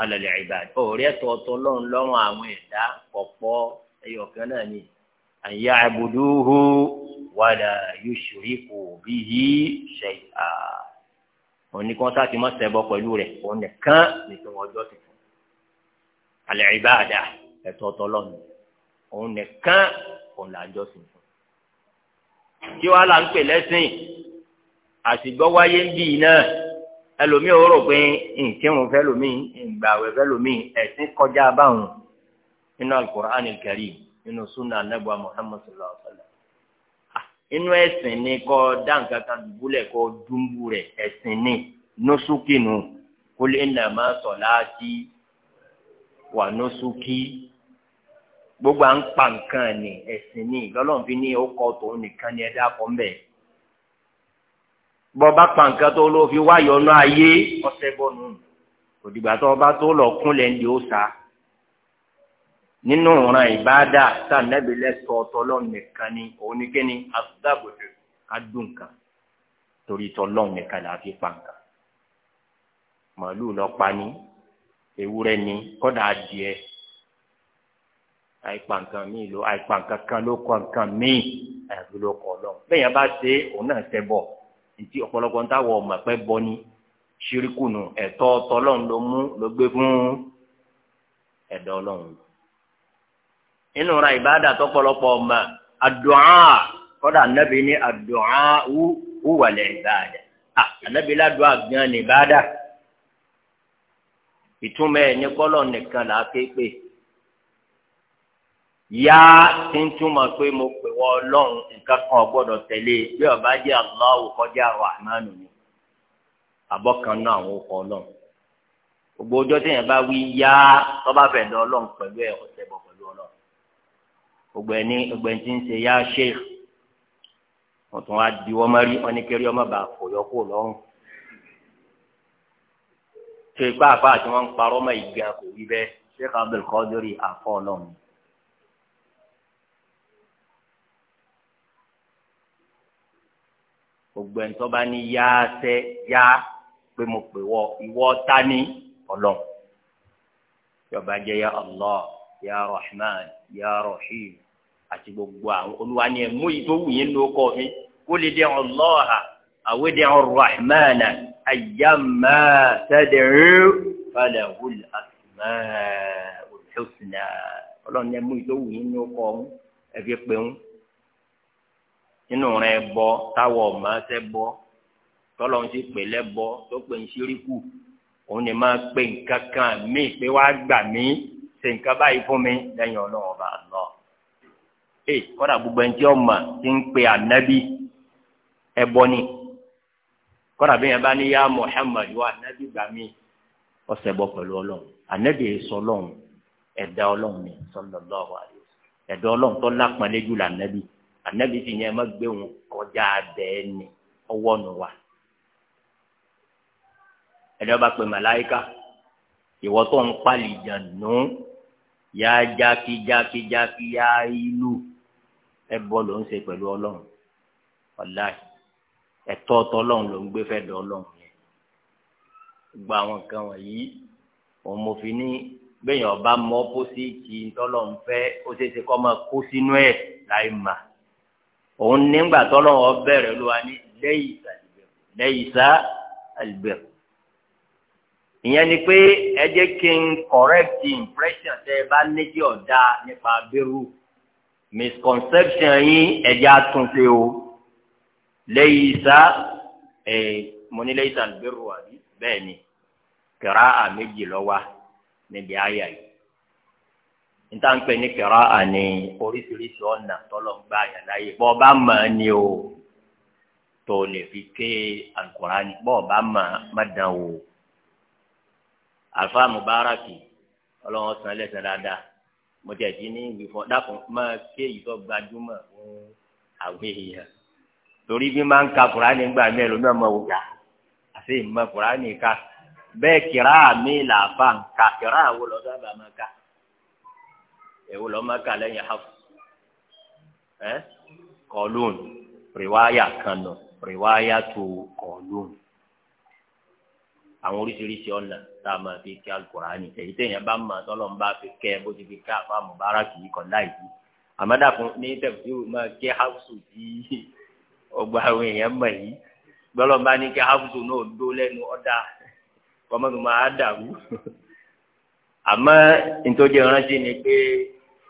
ala al-ibad òòrẹ́ tọ̀ọ̀tọ̀ lọ́run lọ́rùn àwọn ẹ̀dá ọ̀pọ̀ ẹ̀yọ̀kan náà nìyí an ya'buduhu wala yushriku bihi shay'a oníkan sáàtì má ṣẹbọ pẹ̀lú rẹ̀ òun nìkan nìkan ọjọ́ ti fún alẹ́ ìbáàdà ẹ̀tọ́ tọlọ́nù òun nìkan òun làjọ sí fún kí wàá là ń pè lẹ́sìn àṣìgbọ́ wáyé ń bì náà ẹlòmíì ò rò pé nkírun fẹ́ lòmíì ngbàwẹ̀ fẹ́ kọjá báwọn nínú Al-Qur'an al nínú súnà anábọ̀ Muhammad sallallahu alaihi wa sallam inú ẹ̀sìn ni kọ́ dáǹkà kan dùbúlẹ̀ kọ́ dùnbù rẹ̀ ẹ̀sìn ni nọ́sùkìnù qul innama salati wa nusuki gbogbo à ń pa nǹkan ni ẹ̀sìn ni lọ́lọ́run fi ní ọkọ̀ tòun nìkan ni ẹ dákọ̀ ńbẹ̀ bọba pa nǹkan tó ló fi wáyọ̀ ọ̀nà ayé ọ̀sẹ̀ bọ́nu òdìgbà tó ọba tó lọ kúnlẹ̀ ń di ó sa nínú ìran ìbáadà tá nẹ́bi lẹ́sọ̀ ọ̀tọ̀lọ́run nìkan ni òun ni kíni àtúntàbòdò adùn kan torí tọ́lọ́run nìkan là á fi pa nǹkan. màálù lọ pa ni ewúrẹ́ ni kọ́dà adìẹ àìpa nǹkan míì ló àìpa nǹkan kan ló kọ́ nǹkan míì àìfi ló kọ́ lọ. bẹ́ẹ̀ bá ṣe òun náà ṣe bọ̀ ntí ọ̀pọ̀lọpọ̀ ń táwọ̀ ọmọ pẹ́ bọ́ ni ṣíríkù nù ẹ̀tọ́ tọ́lọ́run ló mú ló gbé fún ẹ̀dọ́ ọlọ́run lọ nínú ra ìbáàdà tọpọlọpọ ọmọ àdùá kọ́dà ànábì ní àdùá wù wàlẹ̀ ìbáàdà ànábì ládùá gan ní ìbáàdà ìtumọ̀ ẹ̀ ní kọ́lọ̀ nìkan là á ké pè yá tí ń túmọ̀ pé mo pè wọ́ ọlọ́run nǹkan kan ọgbọ́dọ̀ tẹ̀lé bí ọba jẹ́ aláwọ̀ kọjá rahman ni àbọ̀kan náà àwọn ọkọ̀ ọlọ́run gbogbo ọjọ́ tí bá wí yá tọ́ba fẹ̀dọ̀ ọlọ́run pẹ̀lú ẹ̀ ọ̀sẹ̀ bọ̀ ọgbẹni ọgbẹni ń ṣe yá sheikh wọn tún wá di wọn mọrí wọn ní kẹrí ọmọ bá fòyọkó lọrùn ṣe ipá àfa àti wọn ń parọ́ ọmọ ìgbà kò wí bẹ́ẹ̀ sheikh abdul qadir afọ Ọlọ́run. gbogbo ẹni tó bá ní yá sẹ yá pé mo pè wọ ìwọ ta ni Ọlọ́run yọba jẹ ya Allah ya Rahman ya Rahim àti gbogbo àwọn olúwa ni ẹ mú ìtòwù yín ló kọ mi kó lè dẹ ọlọ́ọ̀hà àwọn èdè ọ̀rọ̀ àìmáàna àyàmá tẹ́lẹ̀ fàlẹ̀ wùl àtìmá òṣèlú ọlọ́run ẹ mú ìtòwù yín ló kọ ń ẹ fi pé ń nínú rẹ bọ táwọn ọmọ ṣẹ bọ tọ́lọ́run sì pè lẹ́bọ tó pè ń ṣíríkù òun ni máa pè nǹkan kan míì pé wàá gbà mí ṣe nǹkan báyìí fún mi lẹ́yìn ọlọ́run ọba àná ee kọ́dà gbogbo ẹni tí ọmọ ti ń pe ànábì ẹbọ ni kọ́dà bí yẹn bá Muhammad wa ànábì gbà mí ọ̀sẹ̀ bọ̀ pẹ̀lú ọlọ́run ànábì sọ ọlọ́run ẹ̀dá ọlọ́run ni sallallahu alaihi wasallam ẹ̀dá ọlọ́run tó lápọnlé jù lọ ànábì ànábì sì yẹn má gbé òun kọjá bẹ́ẹ̀ ni ọwọ́ nu wa ẹ̀dá bá pe màláíkà ìwọ tó ń pali jànú yá jákíjákíjákí yá ìlú ẹbọ ló ń ṣe pẹ̀lú ọlọ́run wàláhì ẹ̀tọ́ ọ̀tọ̀ ọlọ́run ló ń gbé fẹ́ dọ̀ ọlọ́run yẹn gba àwọn nǹkan wọ̀nyí òun mo fi ní bẹ́ẹ̀ ọba mọ pósíìtì tọ́lọ́run fẹ́ ó ṣeé ṣe kọ́ máa kó sínú ẹ̀ láì mà òun nígbà tọ́lọ́run ọbẹ̀rẹ̀ ló wà ní lẹ́yìn sá àlùbẹ̀rù ìyẹn ni pé ẹ jẹ́ kí n correct impression tẹ́ ẹ bá ní kí ọ̀dà nípa abẹ́rù misconception yín ẹ̀jẹ̀ àtúnṣe o laysa ẹ̀ mo ní laysa albirru àbí bẹ́ẹ̀ ni kẹ̀rá àméjì lọ́wọ́ níbi àyà yìí níta ń pè ní kẹ̀rá àní oríṣiríṣi ọ̀nà tọ́lọ̀ ń gbà yàn láyé bọ́ ọba mọ̀ ẹ́ ni o tó lè fi ké Al-Qur'ani bọ́ ọba mọ̀ má dán o Alfa Mubaraki ọlọ́wọ́n san lẹ́sẹ̀ dáadáa mo tẹ̀ ní ìfọ̀ dákun máa ké ìtọ́ gbajúmọ̀ fún àwọn èèyàn torí bí máa ń ka kùránì gbà mí ẹlòmíà máa wò ká àti ìmọ̀ kùránì ká bẹ́ẹ̀ kìrá mi làbá ka kìrá wo lọ sábà máa ka èwo lọ máa ka lẹ́yìn hafu ẹ́ kọ́lùn rìwáyà kan rìwáyà tó kọ́lùn àwọn oríṣiríṣi ọ̀nà tá a máa fi kí alukurani èyí téèyàn bá mọ̀ tọ́lọ̀ ń bá fi kẹ́ bó ti fi ká àfa mubaraki yìí kọ̀ láì sí àmọ́dàkùn ní tẹ̀síwò máa kí hausu tí ọgbà àwọn èèyàn mọ̀ yìí gbọ́dọ̀ bá ní kí hausu náà dó lẹ́nu ọ̀dà kọ́mọ́tò máa dàrú àmọ́ nítorí ìrántí ni pé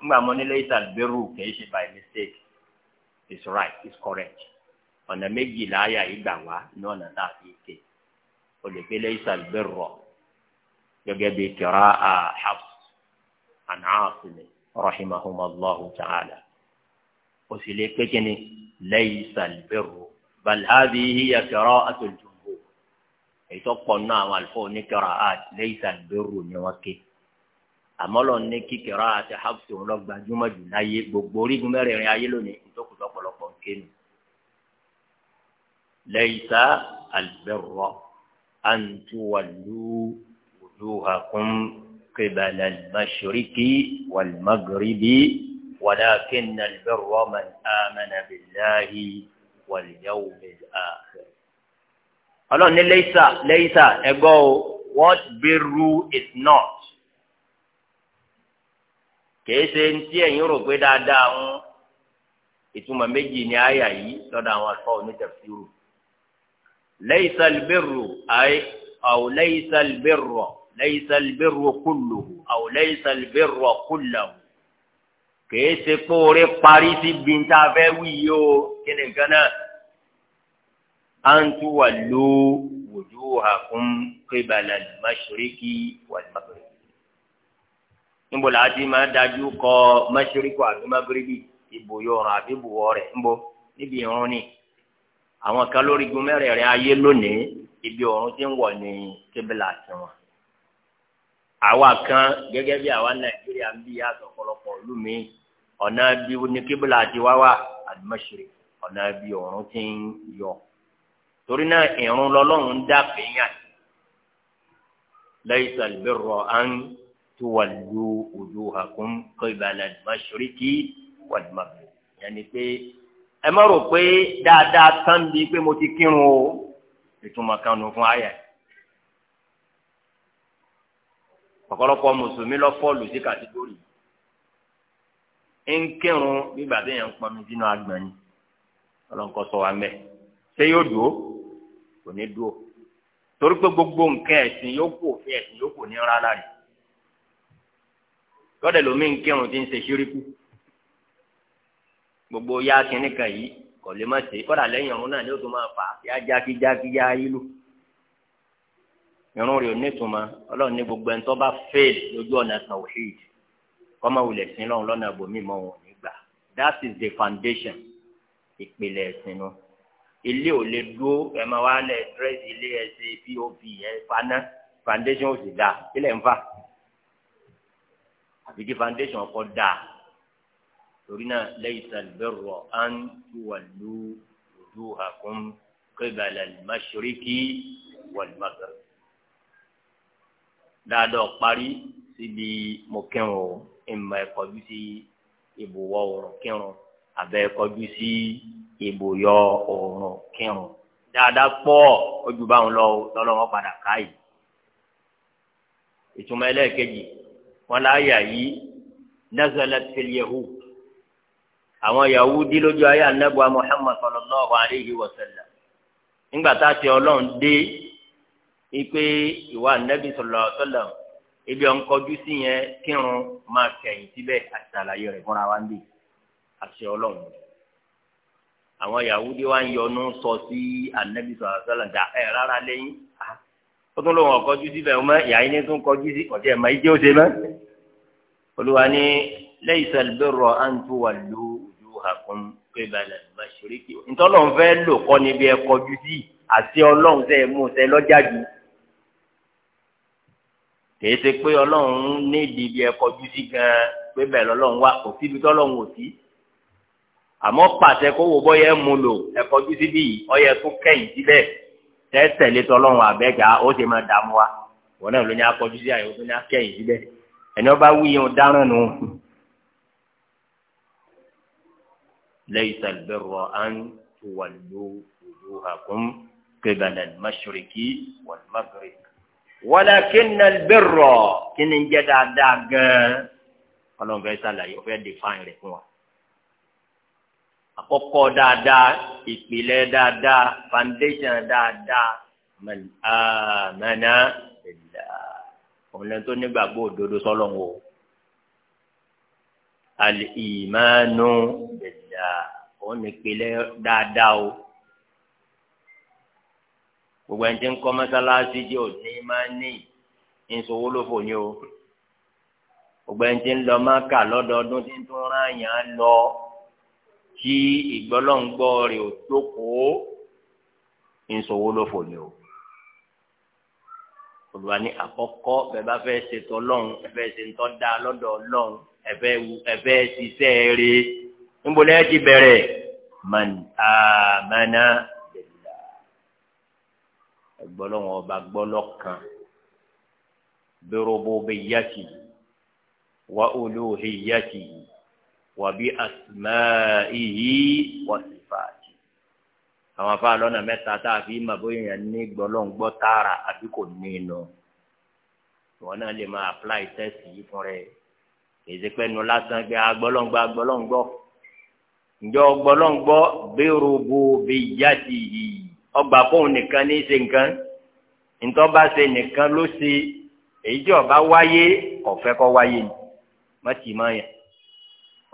ńgbà mọ́ nílé ìtàlùbẹ́rù kì í ṣe by mistake it's right it's correct ọ̀nà méjìlá ayà yìí gbà wá ní ọ̀nà náà fi kéè o lè pe laysa albirra gẹ́gẹ́ bí qira'a Hafs an Asim rahimahumallahu ta'ala o sì lè pe kíni laysa albirru bal hadhihi hiya qira'atu al-jumhur èyí tó pọ̀ nínú àwọn àlùfáà ní qira'at laysa albirru ni wọ́n ké àmọ́ lọ ní kíkẹ́rọ àti hapsi òun lọ gbajúmọ̀ jù gbogbo orígun mẹ́rẹ̀ẹ̀rin ayé lónìí ìtòkùtò ọ̀pọ̀lọpọ̀ nkénu. laysa albirra أن تولوا وجوهكم قبل المشرق والمغرب ولكن البر من آمن بالله واليوم الآخر ọlọ́run ní leisa leisa ẹgbọ́ o what biru is not kìí ṣe ti ẹ̀yin rò dáadáa ń ìtumọ̀ méjì ní àyà yìí lọ́dọ̀ àwọn àlùfáà onítẹ̀fíìrù ليس البر أي أو ليس البر ليس البر كله أو ليس البر كله kìí ṣe pé orí parí sí bíntà fẹ́ wí yìí o kí ni nǹkan náà à ń tún wà ló wujuhakum qibala al-mashriqi wal-maghribi. níbo la ti máa dájú kọ mashriqi àbí maghribi ìbò yọrùn àbí ìbò wọ̀ níbo níbi ìrún ni àwọn kan lórí igun mẹ́rẹ̀ẹ̀rin ayé lónìí ibi ọ̀run ti ń wọ̀ ní kébìlà tiwọn. àwa kan gẹ́gẹ́ bí àwa nàìjíríà ń bí yàtọ̀ ọ̀pọ̀lọpọ̀ ìlú mi ọ̀nà bí ní kébìlà ti wà àdìmọ́sirì ọ̀nà bí ọ̀run ti ń yọ. torí náà ìrun lọ́lọ́run dá fìyàn ليس البر أن تولوا وجوهكم قبل المشرق والمغرب يعني pé ẹ má rò pé dáadáa tán bí pé mo ti kírun o ìtumọ̀ kan nù fún àyà ọ̀pọ̀lọpọ̀ mùsùlùmí lọ fọ́ọ̀lù sí kàtígórì ń kírun bígbà tí èèyàn ń pọnmi sínú agbọ̀n ni ọlọ́nkọ́ sọ wa mẹ́ ṣé yóò dúró kò ní dúró torí pé gbogbo nǹkan ẹ̀sìn yóò kú òfin ẹ̀sìn yóò kù ní rárá rẹ̀ lọ́dẹ̀ lómi ń kírun ti ń ṣe ṣíríkù gbogbo ya kínní kan yìí kò lè má ṣe kọ́dà lẹ́yìn ọ̀run náà ni ó tún máa fà ya jákíjákí ya ìlú irun o ò ní ìtumọ̀ ọlọ́run ní gbogbo ẹni tó bá fail lójú ọ̀nà tawhid kọ́mọ wulẹ̀ sí lọ́run lọ́nà àbòmí mọ́ wọn nígbà that is the foundation ìpìlẹ̀ ẹ̀sìn nu ilé ò lè dúró ẹ̀ máa wá lẹ̀ dírẹ́sì ilé ẹ̀sìn pop ẹ̀ paná foundation ò sì dáa ilẹ̀ ń fà àbí kí foundation ọkọ̀ dáa torí náà laysa al-birra an tuwallu wujuhakum qibala al-mashriqi wal-maghrib. dáadọ́ parí síbi mo kẹ́hìn o ìmọ̀ ẹ̀kọ́jú sí ìbùwọ̀ òrùn kírun àbẹ̀ ẹ̀kọ́jú sí ìbùyọ̀ òrùn kírun dáadáa pọ̀ ojú báwọn lọ lọ́lọ́wọ́ padà káyìí ìtumọ̀ ẹlẹ́ẹ̀kejì wọn láyà yìí nazalat fil àwọn Yahudi lójú ayé anábùa Muhammad sallallahu alayhi wa sallam nígbà tá a ti Ọlọ́run dé ipe ìwà anábì sallallahu alayhi wa sallam ibi ọ̀nkọjú sí yẹn kírun máa kẹ̀yìn síbẹ̀ àti àlàyé rẹ̀ fúnra wa ń bì àṣẹ Ọlọ́run àwọn Yahudi wa ń yọnu sọ sí anábì sallallahu alayhi wa sallam dá ẹ̀ rárá lẹ́yìn ah, ó tún lóun ọ̀kọ́jú síbẹ̀ ọmọ ìyá yín tún kọjú sí ọ̀dẹ̀ ẹ̀ máa yí jẹ́ òṣèlú olùwà ni laysa al-birra an wujuhakum qibala al-mashriqi ntọ́lọ̀ ń fẹ́ lò kọ́ níbi ẹ kọjú sí àti ọlọ́run tẹ mú tẹ lọ́jà jù kìí ṣe pé ọlọ́run nídìí ibi ẹ kọjú sí gan-an pé bẹ́ẹ̀ lọ́lọ́run wá kò síbi tọ́lọ́run ò sí àmọ́ pàṣẹ kó wo bọ́yẹ mu lò ẹ kọjú síbí yìí ọyẹ tó kẹ́yìn síbẹ̀ tẹ́tẹ̀lé tọ́lọ́run àbẹ́gà ó ti máa dààmú wa wọn náà ló ní akọjú sí àyẹ̀wò tó ní akẹ́yìn síbẹ̀ ẹni ọba wíyẹn dáràn nù. ليس البر أن تولوا وجوهكم قبل المشرق والمغرب ولكن البر كن جدا داغا Ọlọ́run fẹẹ ṣàlàyé ọfẹ define rẹ̀ fún wa àkọ́kọ́ dáadáa ìpìlẹ̀ dáadáa foundation dáadáa mẹlẹ àmàna ẹlẹ ọ̀nà tó nígbàgbọ́ òdodo sọlọ́wọ́ alìmánu bẹ̀dà òun nìpele dáadáa o gbogbo ẹni tí ń kọ́ mọ́sálásí jẹ́ òní máa ní ìṣòwò ni o gbogbo ẹni tí ń lọ Mákà lọ́dọọdún tí ń tún ráàyàn lọ kí ìgbọ́lọ́ngbọ́ rẹ̀ ò jókòó ìṣòwò lófò ni o olùwà ní àkọ́kọ́ bẹ́ẹ̀ fẹ́ ṣe tọ́lọ́hún ẹ fẹ́ ṣe tọ́ da lọ́dọ̀ ọlọ́hún ẹ fẹ́ wu ẹ fẹ́ ṣiṣẹ́ níbo lẹ́yìn ti bẹ̀rẹ̀ man amana billah ẹgbọ́lọ́hún ọba gbọ́lọ́ kan bi rububiyyatihi wa uluhiyyatihi wa bi asma'ihi wa àwọn afá lọ́nà mẹ́ta tá a fi mọ̀ bóyá èèyàn ní gbọ́lọ́ngbọ́ tààrà àbí kò ní inú wọn náà lè máa apply test yìí fún rẹ èdè pẹ́nu lásán gbé agbọ́lọ́ngbọ́ agbọ́lọ́ngbọ́ ǹjọ́ gbọ́lọ́ngbọ́ bẹ́rù bo bí yáàtì yìí ọgbà fóun nìkan ní í ṣe nǹkan ntọ́ bá ṣe nìkan ló ṣe èyí tí ọba wáyé ọ̀fẹ́ kọ́ wáyé ni má tì máa yàn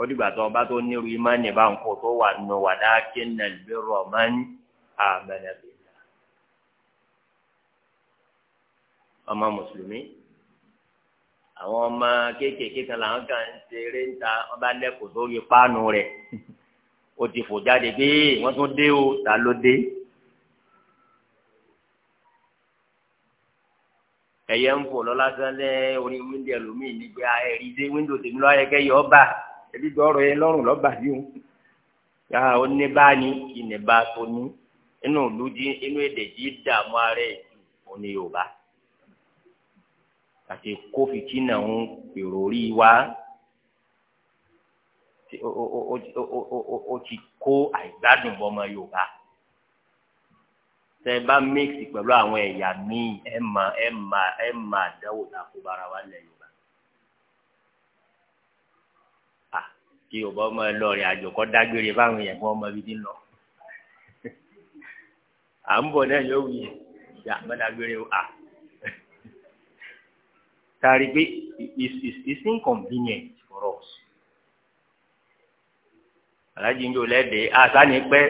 ó dìgbà tó ọba tó nírú imáni bá ń kó tó wà nù wàdá kí nà lérò máa ń àmàlà bìlà ọmọ mùsùlùmí àwọn ọmọ kéékèèké kan làwọn kan ń ṣeré ń ta ọba lẹ́kọ̀ọ́ sórí páànù rẹ̀ ó ti fò jáde pé wọ́n tún dé o ta ló dé. ẹ̀yẹ ń fò lọ lásán orí wíńdò ẹlòmíì nígbà ẹ̀rí dé wíńdò tèmi lọ́yẹ̀kẹ́ yọ ọ́ bà ebi gbọ́rọ̀ yẹn lọ́rùn lọ́ba yìí o yà ó ní bá ní ìní bá tó ní inú ìlú jí inú èdè jí dààmú ara ẹ̀ ò ní yorùbá àti kófìtì náà ń èrò orí wa o ti kó àìgbádùn bọ́mọ yorùbá tẹ bá mix pẹ̀lú àwọn ẹ̀yà míì ẹ̀ mà ẹ̀ mà ẹ̀ mà dáwò dàkú bara wa lẹ̀ yorùbá. kí Yorùbá ọmọ ẹ lọ rìn àjò kọ́ dágbére báwọn yẹn fún ọmọ ibi tí ń lọ à ń bọ̀ náà yóò wí ìjà mọ́dágbére o tari pé it's inconvenient for us alájí ń jò lẹ́dẹ̀ẹ́ àtàní pẹ́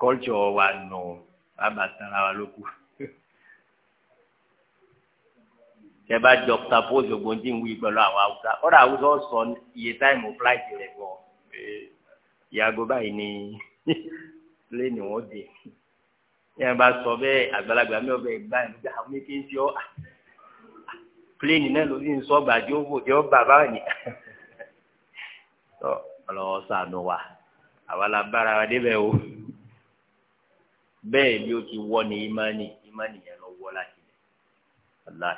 culture wa nù bàbá sanra wa ló tẹ bá jọ tapóòsì ogun tí ń wí pẹ̀lú àwọn haúsá ọ̀rọ̀ haúsá sọ iye táìmù fúláìtì rẹ̀ gbọ́ ìyàgò báyìí ni pléènì wọn dé yẹn bá sọ bẹ́ẹ̀ àgbàlagbà mi ò bẹ́ẹ̀ gbá ẹ̀ nígbà mi kì í ṣe ọ́ pléènì náà ló sì ń sọ gbàdí owó jẹ́ ọ́ bàbá ẹ̀ ní. ọlọ́wọ́ sànù wa àwa la bára wa débẹ̀ o bẹ́ẹ̀ bí o ti wọ́ ni imani, imani, yẹn lọ wọ́ láti lẹ̀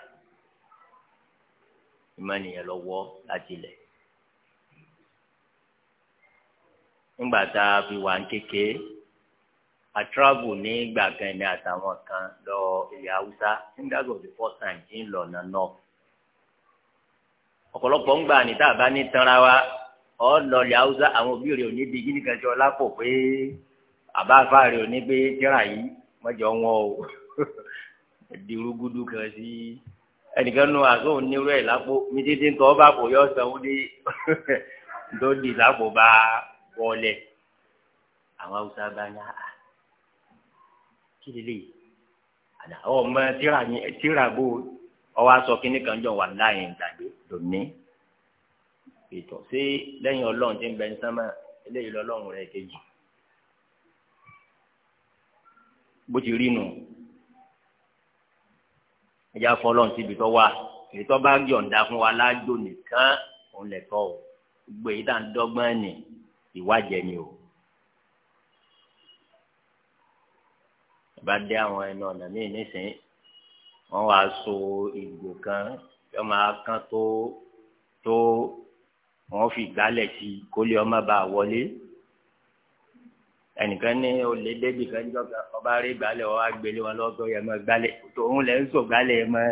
ìmánì yẹn lọ wọ́ láti ilẹ̀ nígbà tá a fi wà ń kéke atrabu ní gbàgán ní àtàwọn kan lọ ilẹ̀ haúsá nígbà tó fi fọ́ sàn jí lọ́nà náà ọ̀pọ̀lọpọ̀ ń gbà ní tá a bá ní tanra wa ọ lọ ilẹ̀ haúsá àwọn òbí rẹ̀ ò ní di gíní kan jọ lápò pé àbáfà rẹ̀ ò ní gbé tíra yìí mọ́jọ wọn o dirúgudu kan sí. Si ẹnìkan nu àgọ́ onírú ẹ̀ lápò mi dídí nǹkan ọba kò yọ sanwó dé tó di lápò bá wọlé àwọn haúsá bá ní àá ah, ah, kí lè léyìí àná ọmọ tíra yẹn tíra bó ọwọ́ aṣọ kínní kan jọ wà láàyè gbàgbé lónìí ètò ṣé lẹ́yìn ọlọ́run tí ń bẹ ní sánmà eléyìí lọ́lọ́run rẹ̀ kejì bó ti rí nù. No ẹjá fọlọ́n síbi tó wà èyí tó bá yọ̀ǹda fún wa lájò nìkan òun lè tọ́ o gbogbo èyí tá à ń dọ́gbọ́n ni ìwájẹ ni o. bá dé àwọn ẹnu ọ̀nà míì nísìnyí wọ́n wá so ìgò kan yọ máa kán tó tó wọ́n fi gbálẹ̀ sí kólé ọmọ bá wọlé ẹnìkan ní olè débi kan jọ kan ọba rí gbalẹ̀ ọ wá gbélé wọn lọ́gbọ́ yẹ mọ gbalẹ̀ tó ń lẹ̀ ń sọ gbalẹ̀ mọ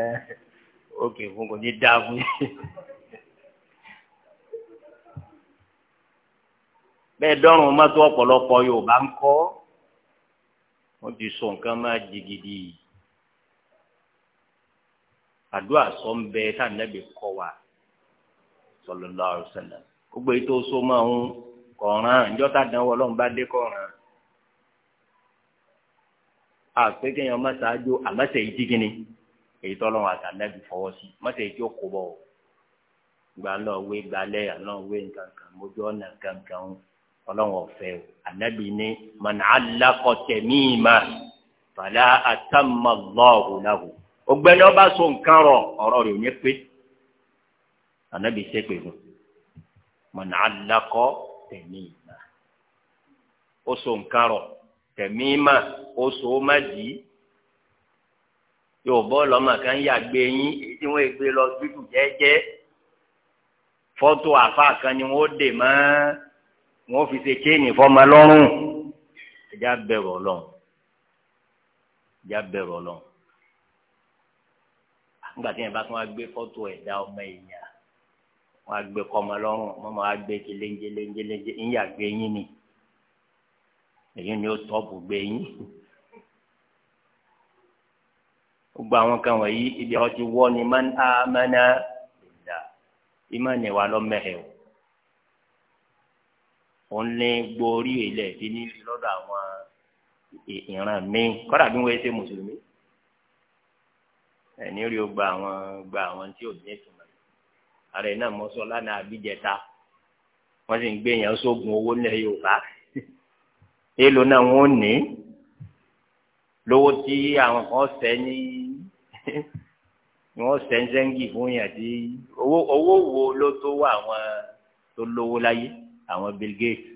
òkè fún kò ní dá fún yìí. bẹ́ẹ̀ dọ́rùn mọ́tò ọ̀pọ̀lọpọ̀ Yorùbá ń kọ́ wọ́n ti sọ nǹkan máa jigidi àdúrà sọ ń bẹ sànẹ́bí kọ́ wa sallallahu alaihi wasallam gbogbo ètò sọmọ ọ̀hún kọ̀ọ̀ràn ìjọ́ta dánwò ọlọ́run bá dé kọ̀ọ̀ràn àpé kéèyàn má ṣáájú àmọ́sẹ̀ yìí dígí ni èyí tọ́lọ́ àtàlẹ́bí fọwọ́ sí mọ́sẹ̀ yìí tí ó kó bọ̀ ọ́ gba náà wé gbalẹ̀ àná wé nkankan mójú ọ̀nà kankan ọlọ́wọ́n ọ̀fẹ́ o ànábì ní man allaqa tamima fala atamma Allahu lahu ọgbẹ́ni ọba so nǹkan rọ ọ̀rọ̀ rẹ̀ ò ní pé ànábì ṣépè fún man allaqa tamima ó so nǹkan rọ tẹ̀míìmà oṣù mẹ́jì yóò bọ́ lọ́mọ kan yàgbé yín èyí tí wọ́n gbé lọ gbígbù jẹ́jẹ́ fọ́tò àfa kan ni wọ́n dè mọ́ wọ́n fi ṣe kéènì fọ́mọ lọ́rùn ẹ̀já bẹ̀rù ọlọ́run ẹ̀já bẹ̀rù ọlọ́run nígbà tí yẹn bá tún wá gbé fọ́tò ẹ̀dá ọmọ èèyàn wọ́n á gbé kọ́mọ lọ́rùn wọ́n máa gbé kéléńjéléńjéléńjé ń yàgbé yín ni èyí ni ó tọ́pù gbé yín gbogbo àwọn kan wọ̀nyí ibi àwọn ti wọ́ ni man amana ìdá ìmọ̀ni wa lọ mẹ́hẹ̀ o òun lè gborí ilẹ̀ tí ní lọ́dọ̀ àwọn ìran míì kọ́dà bí wọ́n ṣe mùsùlùmí ẹ̀ ní rí o gba àwọn gba àwọn tí ò ní ìtumọ̀ ààrẹ náà mọ́sọ́lá náà àbíjẹta wọ́n sì ń gbé yẹn sóògùn owó nílẹ̀ Yorùbá èèlò náà wọ́n ní lówó tí àwọn kan sẹ́ ní wọ́n sẹ́ ń sẹ́ńgì fún yàn tí owó owó wo ló tó wà àwọn tó lówó láyé àwọn Bill Gates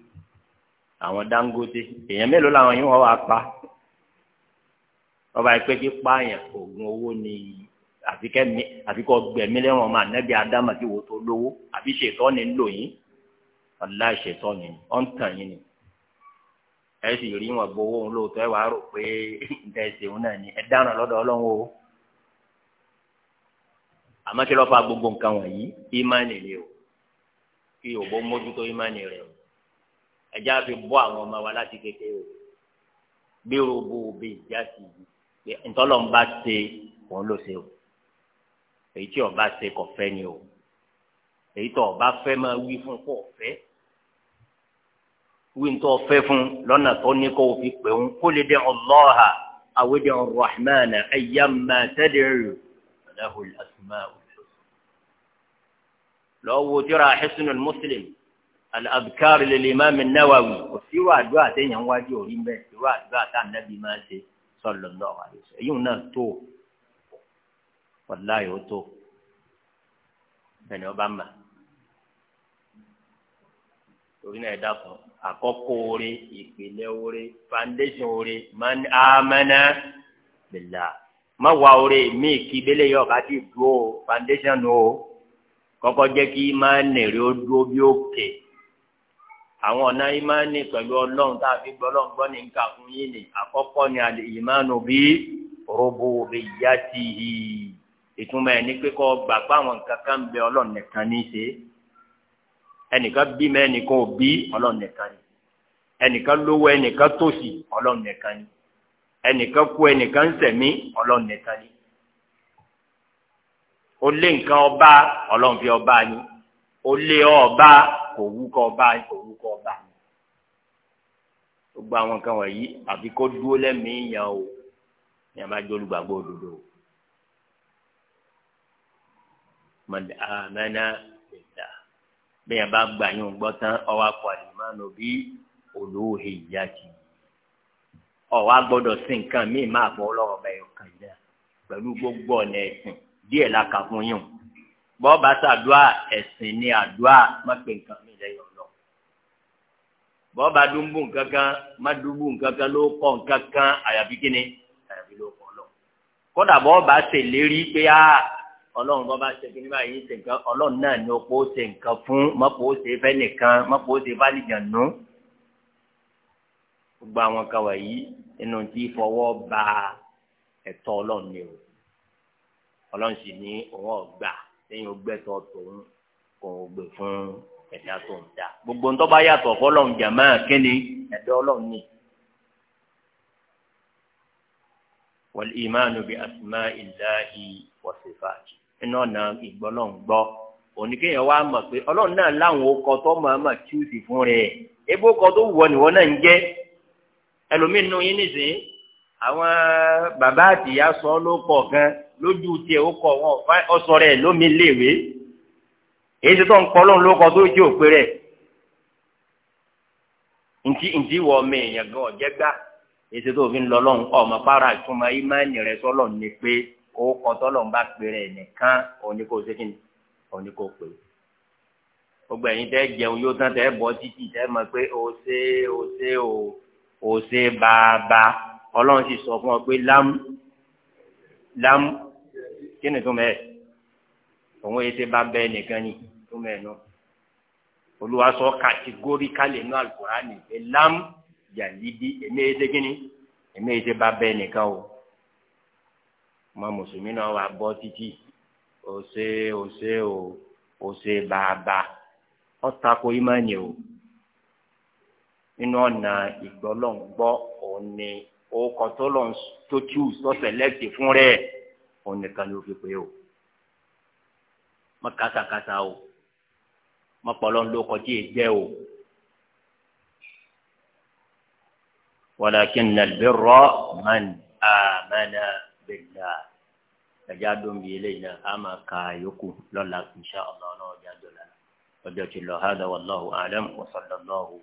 àwọn Dangote èèyàn mélòó làwọn yìí wọ́n wá pa ọba ìpè kí pààyàn oògùn owó ni àfikọ́ gbẹ̀mí lẹ́wọ̀n ọmọ ànábì ádámà tí wò tó lówó àfi ṣètọ́ ni ń lò yín ọ̀la ṣètọ́ ni ọ̀ ń tàn yín ni ẹ sì rí wọn gbowó òun lóòótọ́ ẹ wàá rò pé ǹtẹ̀ ṣeun náà ni ẹ dáràn lọ́dọ̀ ọlọ́run o àmọ́ kí ló fa gbogbo nǹkan wọ̀nyí ìmánì rẹ o kí òbó mójútó ìmánì rẹ o ẹjẹ́ àfi bọ́ àwọn ọmọ wa láti kékeré o gbèrò bo òbí ìjà sí i pé ntọ́lọ̀ ń bá ṣe òun ló ṣe o èyí tí ọba ṣe kò fẹ́ ni o èyí tó ọba fẹ́ máa wí fún kò fẹ́ wí ntọ́ fẹ́ fún lọ́nà tó ní kó o fi pè ń kó lè dé ọlọ́ha àwòdì ọ̀rọ̀hánà ẹ̀yà máa tẹ́lẹ̀rì ọ̀làhùn àtúmá òṣù. lọ́wọ́ tíra Hisnul Muslim al-Adhkar lil-Imam an-Nawawi kò sí irú àdúrà àtẹ̀yàn wájú orí mbẹ́ irú àdúrà tá ànábì máa ṣe sallallahu alaihi wasallam èyí náà tó wàláyò tó bẹ́ẹ̀ ni ọba máa torí náà ẹ̀dá kan àkọ́kọ́ oore ìpìlẹ̀ oore foundation oore man amana billah má wá oore mí kí bẹ́lẹ̀ yọ ká ti dúró foundation o kọ́kọ́ jẹ́ kí má nèrè ó dúró bí òkè àwọn ọ̀nà ìmánì pẹ̀lú ọlọ́run tá a fi gbọ́ ọlọ́run gbọ́ ní nǹkan fún yín ni àkọ́kọ́ ni àlè ìmánu bí rububiyyatihi ìtumọ̀ ẹ̀ ní pé kọ́ gbà àwọn nǹkan kan bẹ ọlọ́run nìkan ní í ṣe ẹnìkan bí mẹ ẹnìkan ò bí ọlọ́run nìkan ni ẹnìkan lówó ẹnìkan tòṣì ọlọ́run nìkan ni ẹnìkan kú ẹnìkan sẹ̀mí ọlọ́run nìkan ni ó lé nǹkan ọba ọlọ́run fi ọba ni ó lé ọba kò wú kọ ọba kò wú kọ ọba ni gbogbo àwọn nǹkan wọ̀nyí àfi kó dúró lẹ́mìí yẹn o yẹn bá jẹ́ olùgbàgbọ́ òdodo. من bẹ́ẹ̀ bá gbà yín gbọ́ tán ọwọ́ akọ àlìmánu bí olóhe ìyá ti ọwọ́ agbọ́dọ̀ sí nǹkan míì máa bọ́ ọlọ́run ọba ẹ̀yọ̀ kan yìí pẹ̀lú gbogbo ọ̀nà ẹ̀sìn díẹ̀ la kà fún yín bọ́ọ̀bá sàdúà ẹ̀sìn ni àdúà má pè nǹkan míì lẹ́yìn ọ̀lọ́ bọ́ọ̀bá dúnbù nǹkankan má dúnbù nǹkankan ló kọ́ nǹkankan àyàfi kíni àyàfi ló kọ́ lọ kódà bọ́ọ̀bá ṣèlérí pé áà ọlọ́run bọ́ bá ṣe kíní báyìí ṣe nǹkan ọlọ́run náà ni ó pọ̀ ṣe nǹkan fún mọ́pọ̀ ó ṣe fẹ́ nìkan mọ́pọ̀ ó ṣe fálìjàn gbogbo àwọn kan wọ̀nyí nínú tí fọwọ́ ba ẹ̀tọ́ ọlọ́run ni o ọlọ́run sì ní òun ọ̀gbà lẹ́yìn ogbẹ́tọ̀ tòun kò gbè fún ẹ̀dá tó ń da gbogbo ńtọ́ bá yàtọ̀ fọlọ́run jàmá kíni ẹ̀dọ́ ọlọ́run ni. wal imanu bi asma'illahi iná ọ̀nà ìgbọ́lọ́n gbọ́ oníkéèyàn wá mọ̀ pé ọlọ́run náà láwọn okọ tó mọ̀ọ́mọ̀ tíúsì fún rẹ̀ ebó kọ tó wọ ọ́ náà ń jẹ́ ẹlòmíín yín àwọn bàbá àtìyá sọ ló pọ̀ gan lójú tiẹ̀ ó kọ wọn ọsọ rẹ̀ lómi èyí ń kọ́ tó jẹ́ òpè rẹ̀ ntí ntí wọ tó fi ń lọ ọmọ ó kọ́tọ́ lọ́n bá pèrè nìkan òní kò ṣe kíni òní kò pè. gbogbo ẹ̀yin tẹ́ jẹun yóò tán tẹ́ bọ́ títì tẹ́ mọ̀ pé o ṣe o ṣe o o ṣe bàbá ọlọ́run sì sọ fún ọ pé lámú lámú kí ni tó mẹ́ẹ̀ òun èsè bá bẹ́ẹ̀ nìkan ni tó mẹ́ẹ̀ náà olúwa sọ kàtígórí kálẹ̀ náà Al-Kùránì lámú yàlídì èmi èsè kí ni èmi èsè bá bẹ́ẹ̀ nìkan o ọmọ mùsùlùmí náà wà bọ́ títí ó ṣe ó ṣe ó ó ṣe bàbà ọ̀tako ìmánì o nínú ọ̀nà ìgbọ́lọ́ngbọ́ òun ni orúkọ tó lọ tó tù tó sẹlẹ́tì fún rẹ̀ òun nìkan ló fi pé o mọ kásákásá o mọ pọlọ ló kọjú ìjẹ o. ولكن البر من آمن بالله ẹ̀já dóńbi eléyìí náà a máa ka yoku lọ́la insha allah na ọjà dọ̀là ọjọ́ ti lọ hada wàlláhu alam wa sallallahu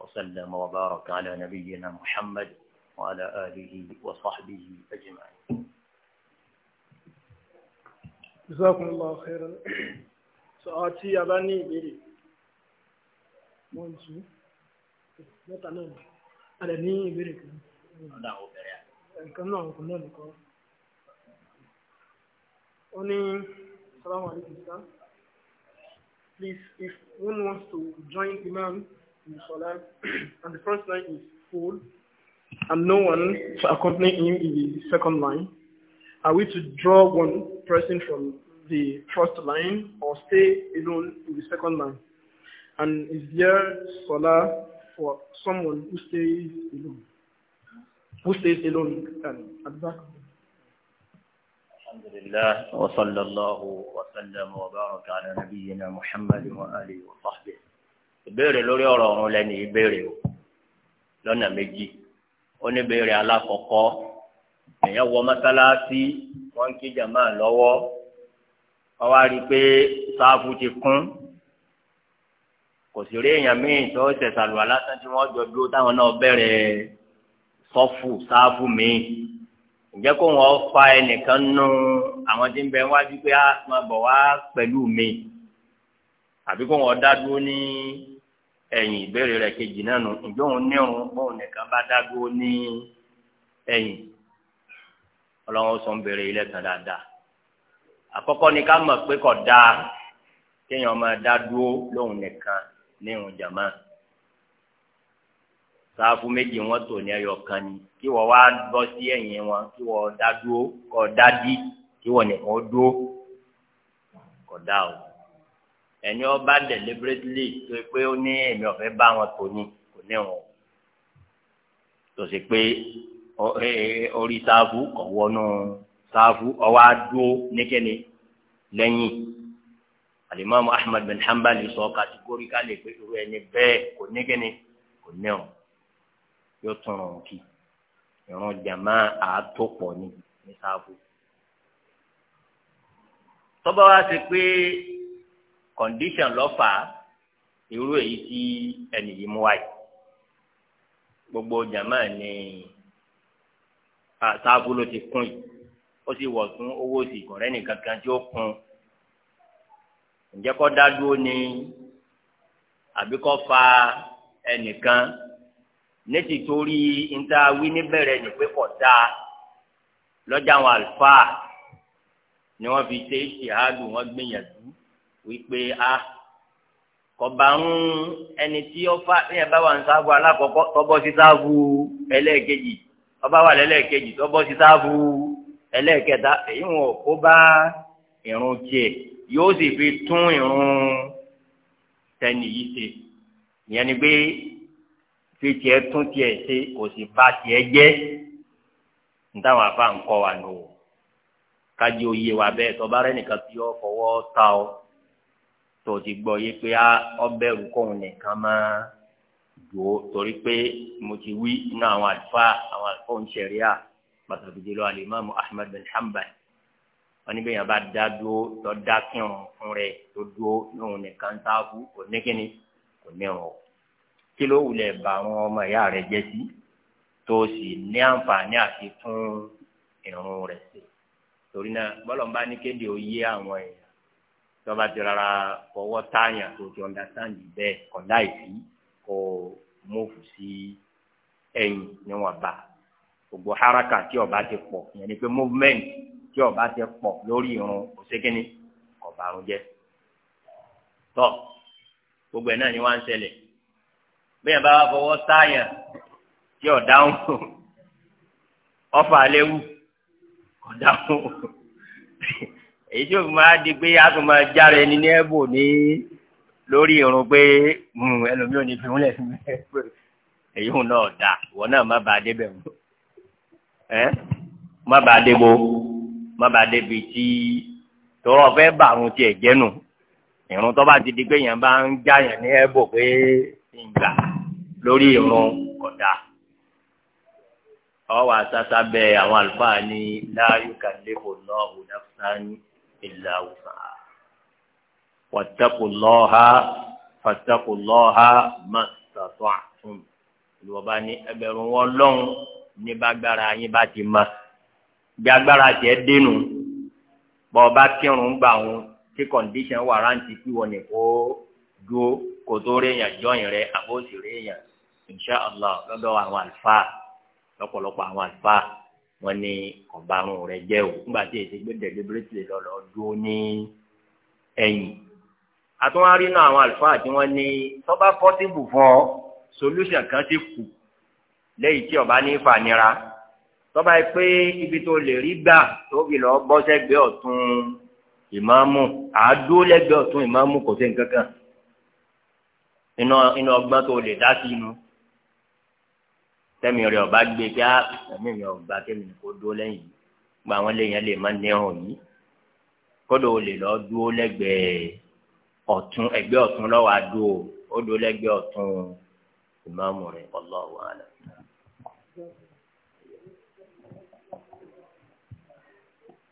wa sallama wa baraka ala nabiyyina muhammad wa ala alihi wa sahbihi ajma'in. jazakumullahu khairan sọ àti àbá ní ìbéèrè mọ́ n sùn mẹ́ta náà a lè ní ìbéèrè kan. ọ̀dà òbẹ̀rẹ̀ nǹkan náà ó ní salaam alaikum sir please if one wants to join imam in salah and the first line is full and no one to accompany him in the second line are we to draw one person from the first line or stay alone in the second line and is there salah for someone who stays alone who stays alone and at the back الحمد لله وصلى الله وسلم وبارك على نبينا محمد وآله وصحبه ìbéèrè lórí ọ̀rọ̀ ọ̀run lẹ́ni ìbéèrè o lọ́nà méjì ó ní béèrè alákọ̀ọ́kọ́ èèyàn wọ mọ́sálásí wọ́n ń kí jàmáà lọ́wọ́ wọ́n wá rí i pé sáfù ti kún kò sì rí èèyàn míì tó ṣẹ̀ṣàlùwà lásán tí wọ́n jọ dúró táwọn náà bẹ̀rẹ̀ sọ́fù sáfù míì ǹjẹ́ kó wọn fa ẹnìkan nú àwọn tí ń bẹ wájú pé a ah, máa bọ̀ wá pẹ̀lú mi àbí kó wọn dá dúró ní ẹ̀yìn ìbéèrè rẹ̀ kejì náà nù ǹjẹ́ òun nírun bóun nìkan bá dá dúró ní ẹ̀yìn ọlọ́run sọ ń bèrè ilé kan dáadáa àkọ́kọ́ ni ká mọ̀ pé kò dáa kéèyàn máa dá dúró lóun nìkan nírun jàmáà sáfù méjì wọn tò ní ẹyọ kan ni kí wọ́n wá bọ́ sí ẹ̀yìn wọn kí wọ́n dá dúró kọ́ dá dí kí wọ́n nìkan dúró kọ́ dá o ẹni ọba deliberately tó pé ó ní èmi ọ̀fẹ́ bá wọn tò ní kò ní wọn tó sì pé orí sáfù kọ̀ wọnú sáfù ọwọ́ adúó níkẹ́ni lẹ́yìn alimami Ahmad bin Hanbali sọ kàtígórí ká lè pé irú ẹni bẹ́ẹ̀ kò níkẹ́ni kò ní wọn yóò tún ràn kí ìran jàmá àtòpọ̀ ni ní sáàbù. tọ́ba wa ṣe pé kọ̀ǹdíṣàn lọ́fà irú èyí tí ẹnì yìí mú wáyé gbogbo jàmá ni sáàbù ló ti kún yìí ó sì wọ̀ fún owó sí ìkọ̀rẹ́ nìkan kan tí ó kún ǹjẹ́ kọ́ dá dúró ni àbí fa ẹnìkan. Eh, nẹ́tì torí níta wí níbẹ̀rẹ̀ ní pé kò dáa lọ́jà àwọn àlùfáà ni wọ́n fi ṣe ìṣèhádùn wọ́n gbìyànjú wípé a kọba ń ẹni tí ọfà ẹyẹ bá wà ń sáfù alákọ̀ọ́kọ́ tọ́bọ́ sí sáfù ẹlẹ́ẹ̀kejì ọba wà lẹ́lẹ́ẹ̀kejì tọ́bọ́ sí sáfù ẹlẹ́ẹ̀kẹta èyí wọn kó bá ìrun tiẹ̀ yóò sì fi tún ìrun tẹ̀nì yìí ṣe ìyẹn ni pé fi tiẹ̀ tún tiẹ̀ ṣe kò sì bà tiẹ̀ jẹ́ ntàwọn afa ńkọ wa nù o kájí oyè wa bẹ́ẹ̀ tọ́ba rẹ nìkan tí yọ fọwọ́ ta ọ tó ti gbọ́ yé pé ọbẹ̀ rúkọ̀hún nìkan máa jò ó torí pé mo ti wí ní àwọn àlùfáà àwọn àlùfáà ń ṣẹ̀ríà pàtàkì jùlọ alimami ahmed bin hanbal wọn níbẹ̀ yẹn bá dá dúró lọ dá kírun fún rẹ tó dúró lóhun nìkan sáfù kò ní kíni kò ní ìrànwọ́ kí ló wulẹ̀ bá àwọn ọmọ ìyá rẹ̀ jẹ́ sí tó sì ní àǹfààní àti tún ìrun rẹ̀ sí torí náà bọ́lọ̀mbá ní kéde òye àwọn èèyàn tọ́ba ti rárá fọwọ́ táyàn tó ti understand bẹ́ẹ̀ kọ̀dá ìsí kò mọ́ọ̀fù sí ẹ̀yìn níwọ̀nba gbogbo haraka tí ó ti pọ̀ yẹn ni pé movement tí ó bá ti pọ̀ lórí irun òsèkéni ọ̀bàrún jẹ́ tọ́ gbogbo ẹ̀ náà ni wọ́n ń ṣẹlẹ̀ bẹ́ẹ̀ bá wà fọwọ́ sáyà tí ọ̀dáhùn ọ̀fà léwu ọ̀dáhùn èyí tí òfin máa di pé a tún máa jára ẹni ní ẹ̀bù ní lórí irun pé hmm, ẹlòmíràn ní fihún lẹ́sìn èyí hùn náà dà ìwọ náà má bàa débẹ̀ o ẹ má bàa débo má bàa débi tí tọrọ fẹ́ bàrùn tiẹ̀ jẹ́nu ìrùn tó bá ti di pé yẹn bá ń já yẹn ní ẹ̀bù pé ìgbà lórí ìrun kódà ọwọ́ àtàtà bẹ àwọn àlùfáà ní la yukallifu Allahu nafsan illa wus'aha wattaqullaha fattaqullaha mastata'tum ìwọba ní ẹgbẹ̀rún wọn lọ́hùn ní bágbára yín bá ti mọ bí agbára tiẹ̀ dénú bọ́ ọba kírun gbà wọn tí kọ̀ǹdíṣàn wà rántí kí wọ́n ní kó dúró kó tó réyàn jọyìn rẹ àbó sì réyàn insha allah lọ́dọ̀ àwọn àlùfáà lọ́pọ̀lọpọ̀ àwọn àlùfáà wọ́n ní ọ̀bàrún rẹ̀ jẹ́ o nígbà tí èsì gbé deliberately lọ́lọ́ dúró ní ẹ̀yìn. àtúnwárí náà àwọn àlùfáà tí wọ́n ní tọ́ba pọ́tìbù fún ọ solution kan ti kù lẹ́yìn tí ọba ní ìfànira tọ́ba yìí pé ibi tó lè rí gbà tóbi lọ bọ́ sẹ́gbẹ́ ọ̀tún ìmáàmù àádó lẹ́gbẹ́ ọ̀tún ìmáàmù kò sí nǹkan kan inú ọgbọ́n tó lè dá sí inú tẹ́mi rẹ̀ ọba gbé kí á ẹ̀mí mi ọba kẹ́mi kó dúró lẹ́yìn gba àwọn lèèyàn lè níhàn yìí kódò ó lọ dúró lẹ́gbẹ̀ẹ́ ọ̀tún ẹ̀gbẹ́ ọ̀tún lọ́wọ́ adó ó dúró lẹ́gbẹ̀ẹ́ ọ̀tún ìmáàmù rẹ̀ Allahu a'lam.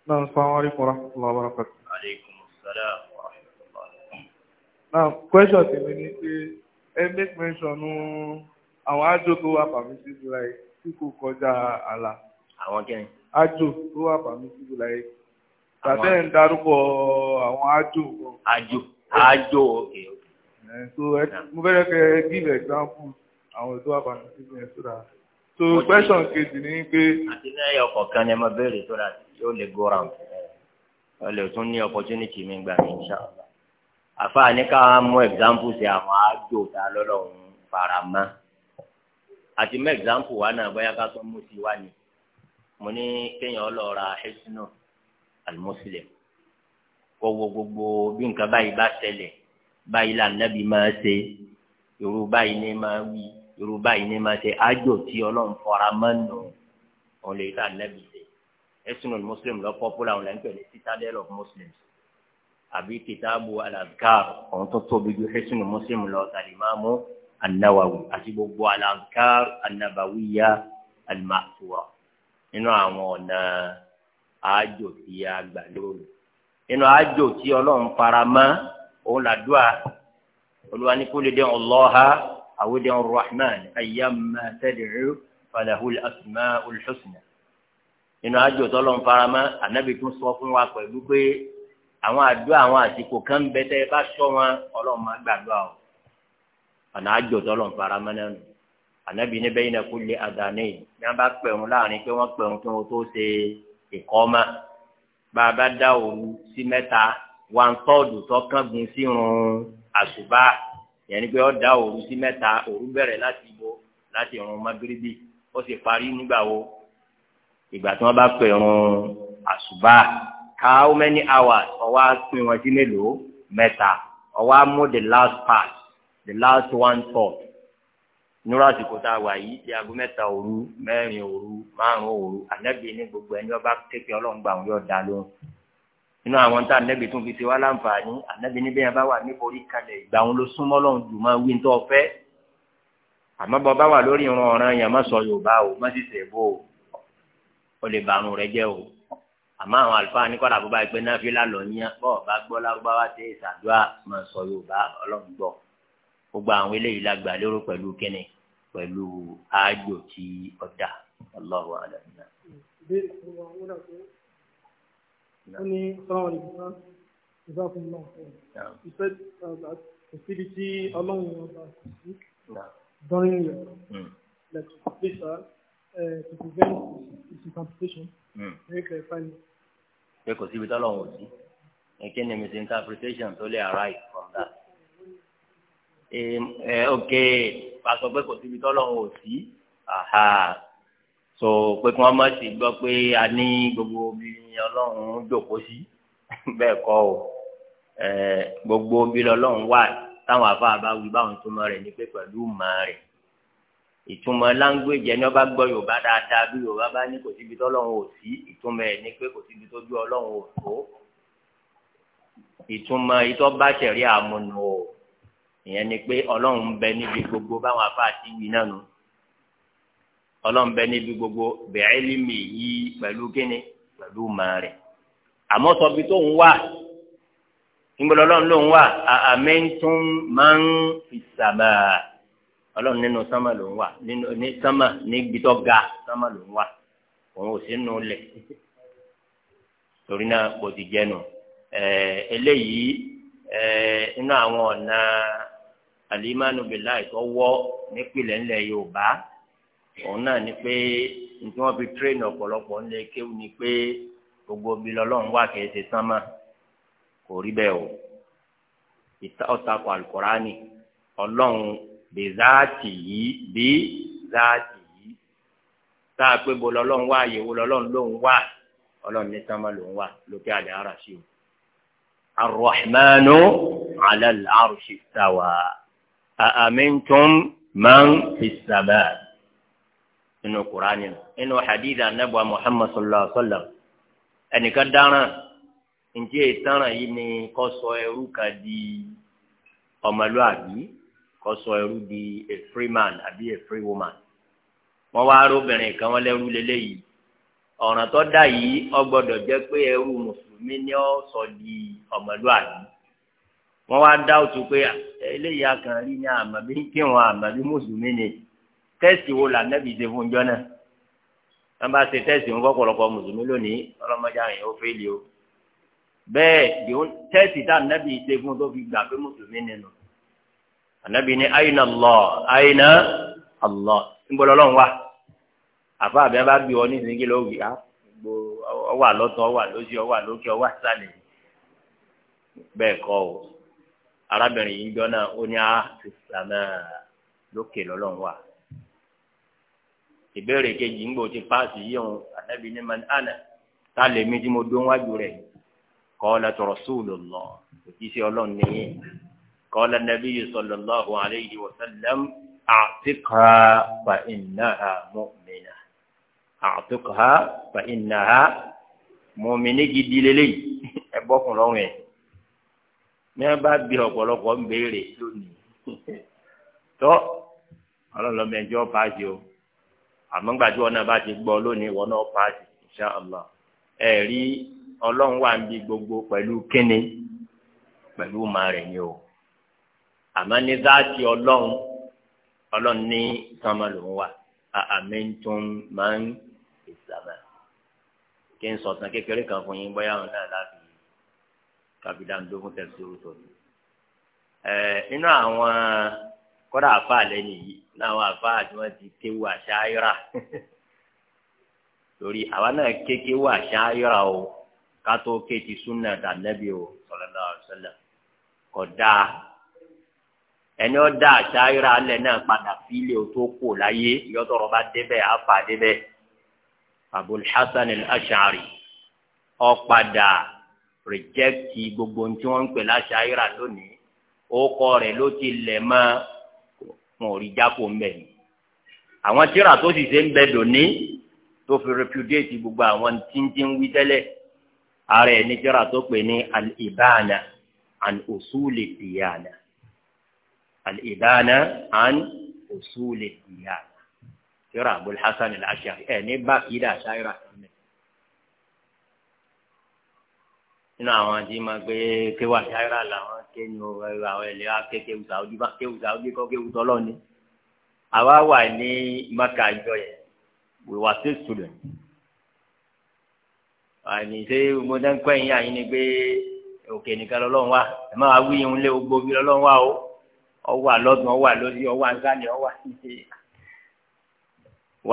Náà sọ́wọ́n wá rí fún Aleykum salaam wa rahmatullahi. Now question ti mi ni pé ẹ make mention nù. No àwọn àjò tó wà pàmí síbi láyé tí kò kọjá àlà. àwọn kẹrin. àjò tó wà pàmí síbi láyé. tàbí ẹ̀ ń darúkọ àwọn àjò. àjò àjò òkè. so mo fẹ́ kẹ́ give example àwọn ètò wà pàmí síbi yẹn sódà. so question kejì ni pé. àti náà yọ ọkọ̀ọ̀kan ni ẹ máa béèrè sódà yóò lè go round ẹ lè tún ní opportunity mi gbà mí ṣá àfa ní ká mú examples àwọn àjò tá lọ́lọ́run faramọ́ àti mọ ẹgzámpù wa náà bóyá ká tó mú sí wa ni mo ní kéèyàn ọlọ́ọ̀ra ẹ̀sìnà àlùmọ́sílẹ̀ kó wo gbogbo bí nǹkan báyìí bá ṣẹlẹ̀ báyìí là nàbí máa ṣe irú báyìí ní máa wí irú báyìí ní máa ṣe ájò tí ọlọ́run fọra mọ́nù òun lè là nàbí ṣe ẹ̀sìnà àlùmọ́sílẹ̀ lọ pọ́pùlà òun là ń pẹ̀lú citadel of muslims àbí kìtàbù alàzkar òun tó tóbi ju ẹ̀sìnà àlùmọ́sílẹ̀ lọ tàlímámù anáwáwí àti gbogbo alankar anábàwíyá alimáfúwa nínú àwọn ọ̀nà àájò tí a gbà lóru nínú àájò tí ọlọ́run fara mọ́ òun làdúrà olúwa ní kó lè dé ọlọ́ha àwòdì rahman ayyamma tad'u falahul asmaul husna nínú àájò tí ọlọ́run fara mọ́ ànábì tún sọ fún wa pẹ̀lú pé àwọn àdúrà àwọn àsìkò kan bẹ tẹ́ ẹ bá sọ wọn ọlọ́run máa gbàdúrà o ọ̀nà àjòtọ́ lọ́n fara nù ànábì ní bẹ́yìn náà lé àdáné ní wọ́n bá pẹ̀rùn láàrin pé wọ́n pẹ̀rùn kí tó ṣe ìkọ́mà bá a bá dá òru sí mẹ́ta one third tọ́kàngun sírun àṣùbà yẹn ni pé ó dá òru sí mẹ́ta òru bẹ̀rẹ̀ láti ibo láti ìrun magiribi ó sì parí nígbà wo ìgbà tí wọ́n bá pẹ̀rùn àṣùbà how many hours ọwọ́ á pín wọn sí mélòó mẹ́ta ọwọ́ á mú the last part the last one thought nírú àsìkò tá a wà yìí ti aago mẹ́ta òru mẹ́rin òru márùn òru ànábì ní gbogbo ẹni ọba kékeré ọlọ́run gbà wọn yóò dá lóhùn nínú àwọn tá ànábì tún fi ṣe wá láǹfààní ànábì níbẹ̀ yẹn bá wà níborí kalẹ̀ ìgbà wọn ló súnmọ́ lọ́hùn jù máa wí tó fẹ́ àmọ́ bọ́ bá wà lórí ìran ọ̀ràn yẹn má sọ yorùbá o má sì ṣe bó o ó lè ba àrùn rẹ jẹ́ o àmọ́ àwọn àlùfáà ní kọ́dà bó bá gbẹ náà fi lálọ́ yẹn bọ́ọ̀ bá gbọ́ lárúbáwá tẹ́ ìṣàdúrà má sọ yorùbá ọlọ́run gbọ́ gbogbo àwọn eléyìí la gbà lérò pẹ̀lú kíni pẹ̀lú àájò tí ọ̀dà Allahu alam. béèrè fún wa wọn náà tó ní sọ́wọ́n ní bísá bísá fún mi náà ìfẹ́ ìfẹ́ tí ọlọ́run ọba sí during your hmm. like please sir uh, to prevent misinterpretation hmm. very clearly. pé kò síbi tọ́lọ́run ò sí kí ni misinterpretation tó lè arise from that ẹ ok pàṣọ pé kò síbi tọ́lọ́run ò sí so pé kí wọ́n má sì gbọ́ pé a ní gbogbo bí ọlọ́run jòkó sí bẹ́ẹ̀ kọ́ o gbogbo bí ọlọ́run wà táwọn afa bá wí báwọn túmọ̀ rẹ̀ ní pé pẹ̀lú mọ̀ rẹ̀ ìtumọ̀ láńgbèjì ẹni ọba gbọ́ yorùbá dáadáa bí yorùbá bá ní kò síbi tọ́lọ́run ò sí ìtumọ̀ ẹ̀ ní pé kò síbi tó ọlọ́run ò tó ìtumọ̀ ìtọ́ bá ṣẹ̀rí àmúnu o. ìyẹn ni pé ọlọ́run ń bẹ níbi gbogbo báwọn ti wí ọlọ́run bẹ níbi gbogbo bẹ̀rẹ̀ límì yìí pẹ̀lú kíni pẹ̀lú màá rẹ̀ àmọ́ tó ń wà ìgbọ́dọ̀ ọlọ́run ló ń wà àmẹ́ntún máa ń fi sàmà ọlọ́run nínú sánmà ní sánmà ga sánmà wà òun ò sí nù lẹ̀ torí náà kò ti jẹnu eléyìí inú àwọn ọ̀nà. alimanu bilayi tó wọ nípìnlẹ̀ ńlẹ̀ yorùbá òun náà ni pé nítorí wọn fi tírèènì ọ̀pọ̀lọpọ̀ ńlẹ̀ kéwù ni pé gbogbo bí lọ́lọ́run wà kìí ṣe sánmà kò rí bẹ́ẹ̀ o ìta ọ̀tà kọ alukurani ọlọ́run bí záàtì yìí bí záàtì yìí tá pé bo lọ́lọ́run wà yẹ̀wò lọ́lọ́run lòun wà ọlọ́run ní sánmà lòun wà lókè àlẹ́ ara o arrahmanu ala al-arshi A máa ń fi sàbà nínú kuraani nínú hadith al muhammad sallallahu alaihi wa sallam ẹnìkan dáràn ǹjẹ́ ìtaràn yìí ni kó sọ ẹrú kan di ọmọlúàbí kó di a free man àbí a free woman wọ́n wá arúbìnrin kan wọ́n lẹ́rú lélẹ́yìí ọ̀ràn tó dá yìí jẹ́ pé ẹrú mùsùlùmí ni ó sọ di wọ́n wá dá òtún pé ah, eléyìí akàn rí ní àmàbí kí wọn àmàbí mùsùlùmí ni tẹ́sì wo là nẹ́bí ṣe fún náà wọ́n bá ṣe tẹ́sì wọn kọ́pọ̀lọpọ̀ mùsùlùmí lónìí ọlọ́mọdé ó lé o bẹ́ẹ̀ tá ṣe fún tó fi gbà pé mùsùlùmí àyìnà àyìnà wa o. arábìnrin yìí jọ náà ó ní a ah, ti sàmà lókè lọ́lọ́run wà ìbéèrè kejì ń gbò ti paasi yìí òun àtàbí ní man ana tá a lè mi tí mo dún wájú rẹ̀ qala rasulullah òjíṣẹ́ ọlọ́run nìyí qala nabiyyu sallallahu alayhi wa sallam a'tiqha fa innaha mu'mina a'tiqha fa innaha mu'mina gidi lélẹ́yìí ẹ bọ́kùn lọ́rùn yẹn ní wọn bá bí ọ̀pọ̀lọpọ̀ ń béèrè lónìí tọ́ ọlọ́lọ́mọ ẹjọ́ paasi o àmọ́ gbàdúrà wọn náà bá ti gbọ́ lónìí wọn náà paasi insha Allah ẹ rí ọlọ́run wà ń bí gbogbo pẹ̀lú kíni pẹ̀lú ma ni o àmọ́ ní dáàtì ọlọ́run ọlọ́run ní sánmà lòún wà àmẹ́ntún máa ń ìsàmà kí n sọ̀tàn kékeré kan fún yín bóyá òun náà láti kábídàndógún tẹ̀síwò tòní. ẹ nínú àwọn kọ́dà àfa lẹ́yìn yìí láwọn àfa àti wọ́n ti kéwù àṣà ayọ́ra torí àwa náà ké kéwù àṣà ayọ́ra o ká tó ké ti súnà dànẹ́bí o sallallahu alaihi wasallam kódà ẹni ọdá àṣà ayọ́ra alẹ́ náà padà fílẹ̀ o tó kò láyé ìyọ́tọ̀rọ̀ bá débẹ̀ àfa débẹ̀ Abul Hasan al-Ash'ari ó rìjẹ́kì gbogbo ohun tí wọ́n ń pè láṣà ayéra lónìí orúkọ rẹ̀ ló ti lẹ̀ mọ́ wọn ò rí jápò mbẹ̀ ni àwọn tíra tó sì ṣe ń bẹ dòní tó fi repudiate gbogbo àwọn tíntí ń wí tẹ́lẹ̀ ara ẹ̀ tíra tó pè ní al an usuli diyana al an usuli diyana tíra abul hasan ẹ̀ ní bá ṣáírà sílẹ̀. nínú àwọn tí ma gbé kéwà sáírà làwọn kéwù àwọn ẹlẹ́yà kéwù sàwùdí bá kéwù sàwùdí kọ́ kéwù tọ́lọ́ ni àwa wà ní maka ìjọ yẹn we were still students àní ṣé mọ̀dánkọ́ yìí àyín ni pé òkè nìkan lọ́lọ́run wà ẹ má wá wí ìhun ogbó bí lọ́lọ́run wà o ọwọ́ àlọ́dún ọwọ́ àlọ́dún ọwọ́ àgbàlẹ̀ ọwọ́ àṣìṣe.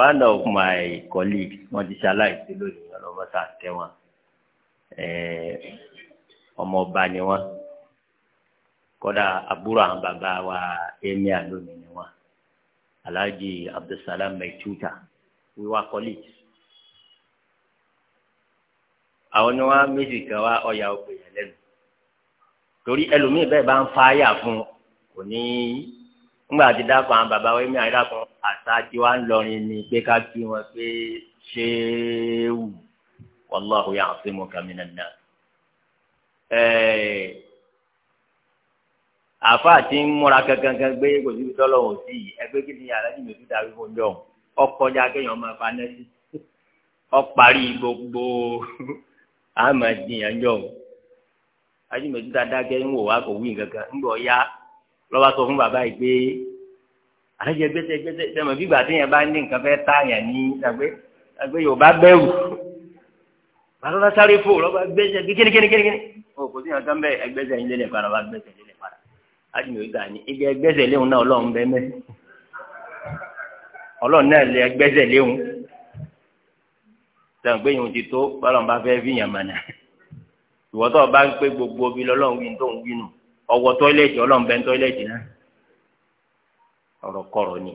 one of my colleagues wọ́n ti ṣaláìsí lónìí ọlọ́mọ sáà Eh, ọmọ ọba ni wọ́n kódà àbúrò àwọn bàbá wa emir lónìí ni wọ́n alhaji abdulsalam mẹtuta wíwá college àwọn ni wọ́n méjì kan wá ọyà ọgbẹ yẹn lẹ́nu torí ẹlòmíì bẹ́ẹ̀ bá ń fa àyà fún kò ní ńgbà tí dákun àwọn bàbá wa emir dákun àṣà tí wàá ń lọrin ni pé ká kí wọn pé ṣé wallahu ya'simuka minan nas. àfa àti múra kankankan gbé kò síbi tọ́lọ̀ wò sí i ẹgbẹ́ kí ni aláàjì mi fi dàbí fún jọ ọkọjá kéèyàn máa fa nẹ́sì ọparí gbogbo àmàdìyàn jọ aláàjì mi fi dáadáa ń wò wá kò wí kankan ń bọ̀ ya lọ́wọ́ sọ fún bàbá yìí pé aláàjì gbẹ́sẹ̀ gbẹ́sẹ̀ sẹ́mi bí gbàdéyàn bá ní nǹkan fẹ́ tààyàn ní àgbẹ̀ àgbẹ̀ Yorùbá bẹ̀rù bàtà sáré fò lọ́ba gbẹ́sẹ̀ kíkiri kíkiri kíkiri o kò sí àgbà mbẹ ẹgbẹ́sẹ̀ yín lélẹ̀ padà bá gbẹ́sẹ̀ lélẹ̀ padà ádùn yóò gbà ni, ibi ẹgbẹ́sẹ̀ léwu náà ọlọ́run bẹ́ẹ̀ mẹ́ ọlọ́run náà lé ẹgbẹ́sẹ̀ léwu sọ̀rọ̀ pé yòówù ti tó bọ́lọ̀n bá fẹ́ fi yàn mọ̀nà ìwọ́tọ̀ bá ń pé gbogbo bí lọ́lọ́run wí tó ń wí nù ọwọ́ tọ́ílẹ̀tì ọlọ́run bẹ́ẹ̀ tọ́ílẹ̀tì náà ọ̀rọ̀ kọ̀rọ̀ ni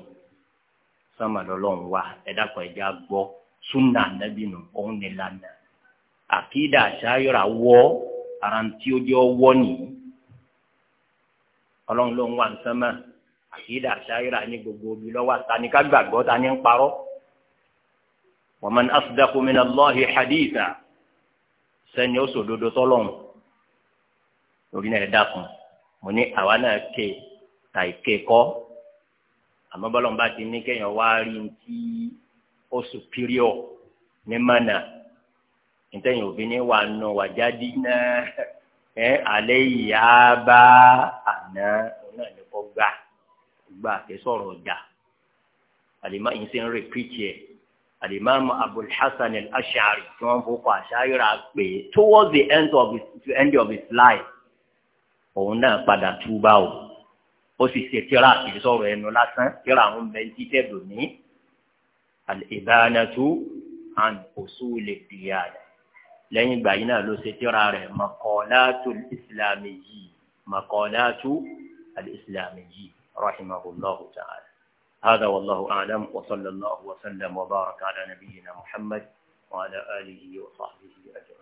sọ́mà lọ́lọ́run wà ẹ̀dá kan ẹ̀já gbọ́ súnà nàbìnú òun ni lànà àkídà àṣàyọ̀rà wọ́ ara tí ó jẹ́ ọwọ́ nìyí ọlọ́run ló ń wà nsánmà àkídà àṣàyọ̀rà ní gbogbo omi lọ́wọ́ àtàní ká gbàgbọ́ ta ní ń parọ́ wa man asdaqu min Allahi haditha sẹ́ni ó sòdodo tọ́lọ́run lórí náà ẹ̀ dákun mo ní àwa náà ké tàìké kọ́ àmọ́ bọ́lọ́n bá ti ní kéèyàn wá rí ní ó superior ní mánà ntẹ̀yìn òbí ni wà nù wàjáde náà ẹ alẹ́ ìyá bá àná òun náà ní kọ́ gbà gbà kí sọ̀rọ̀ ọjà àlìmá yìí ṣe ń rèpítì ẹ̀ àlìmá Abul Hasan al-Ash'ari tí wọ́n fọkọ àṣàyíra pé towards the end of his to end of his life òun náà padà túbà o ó sì ṣe tíra kì í sọ̀rọ̀ ẹnu lásán tíra àwọn bẹ́ntì tẹ̀ lónìí al-Ibanatu an Usul al lẹ́yìn ìgbà yìí náà ló ṣe tíra rẹ̀ makọ́látù ìsìlámì yìí makọ́látù ìsìlámì yìí rahimahullahu ta'ala. هذا والله أعلم وصلى الله وسلم وبارك على نبينا محمد وعلى آله وصحبه أجمعين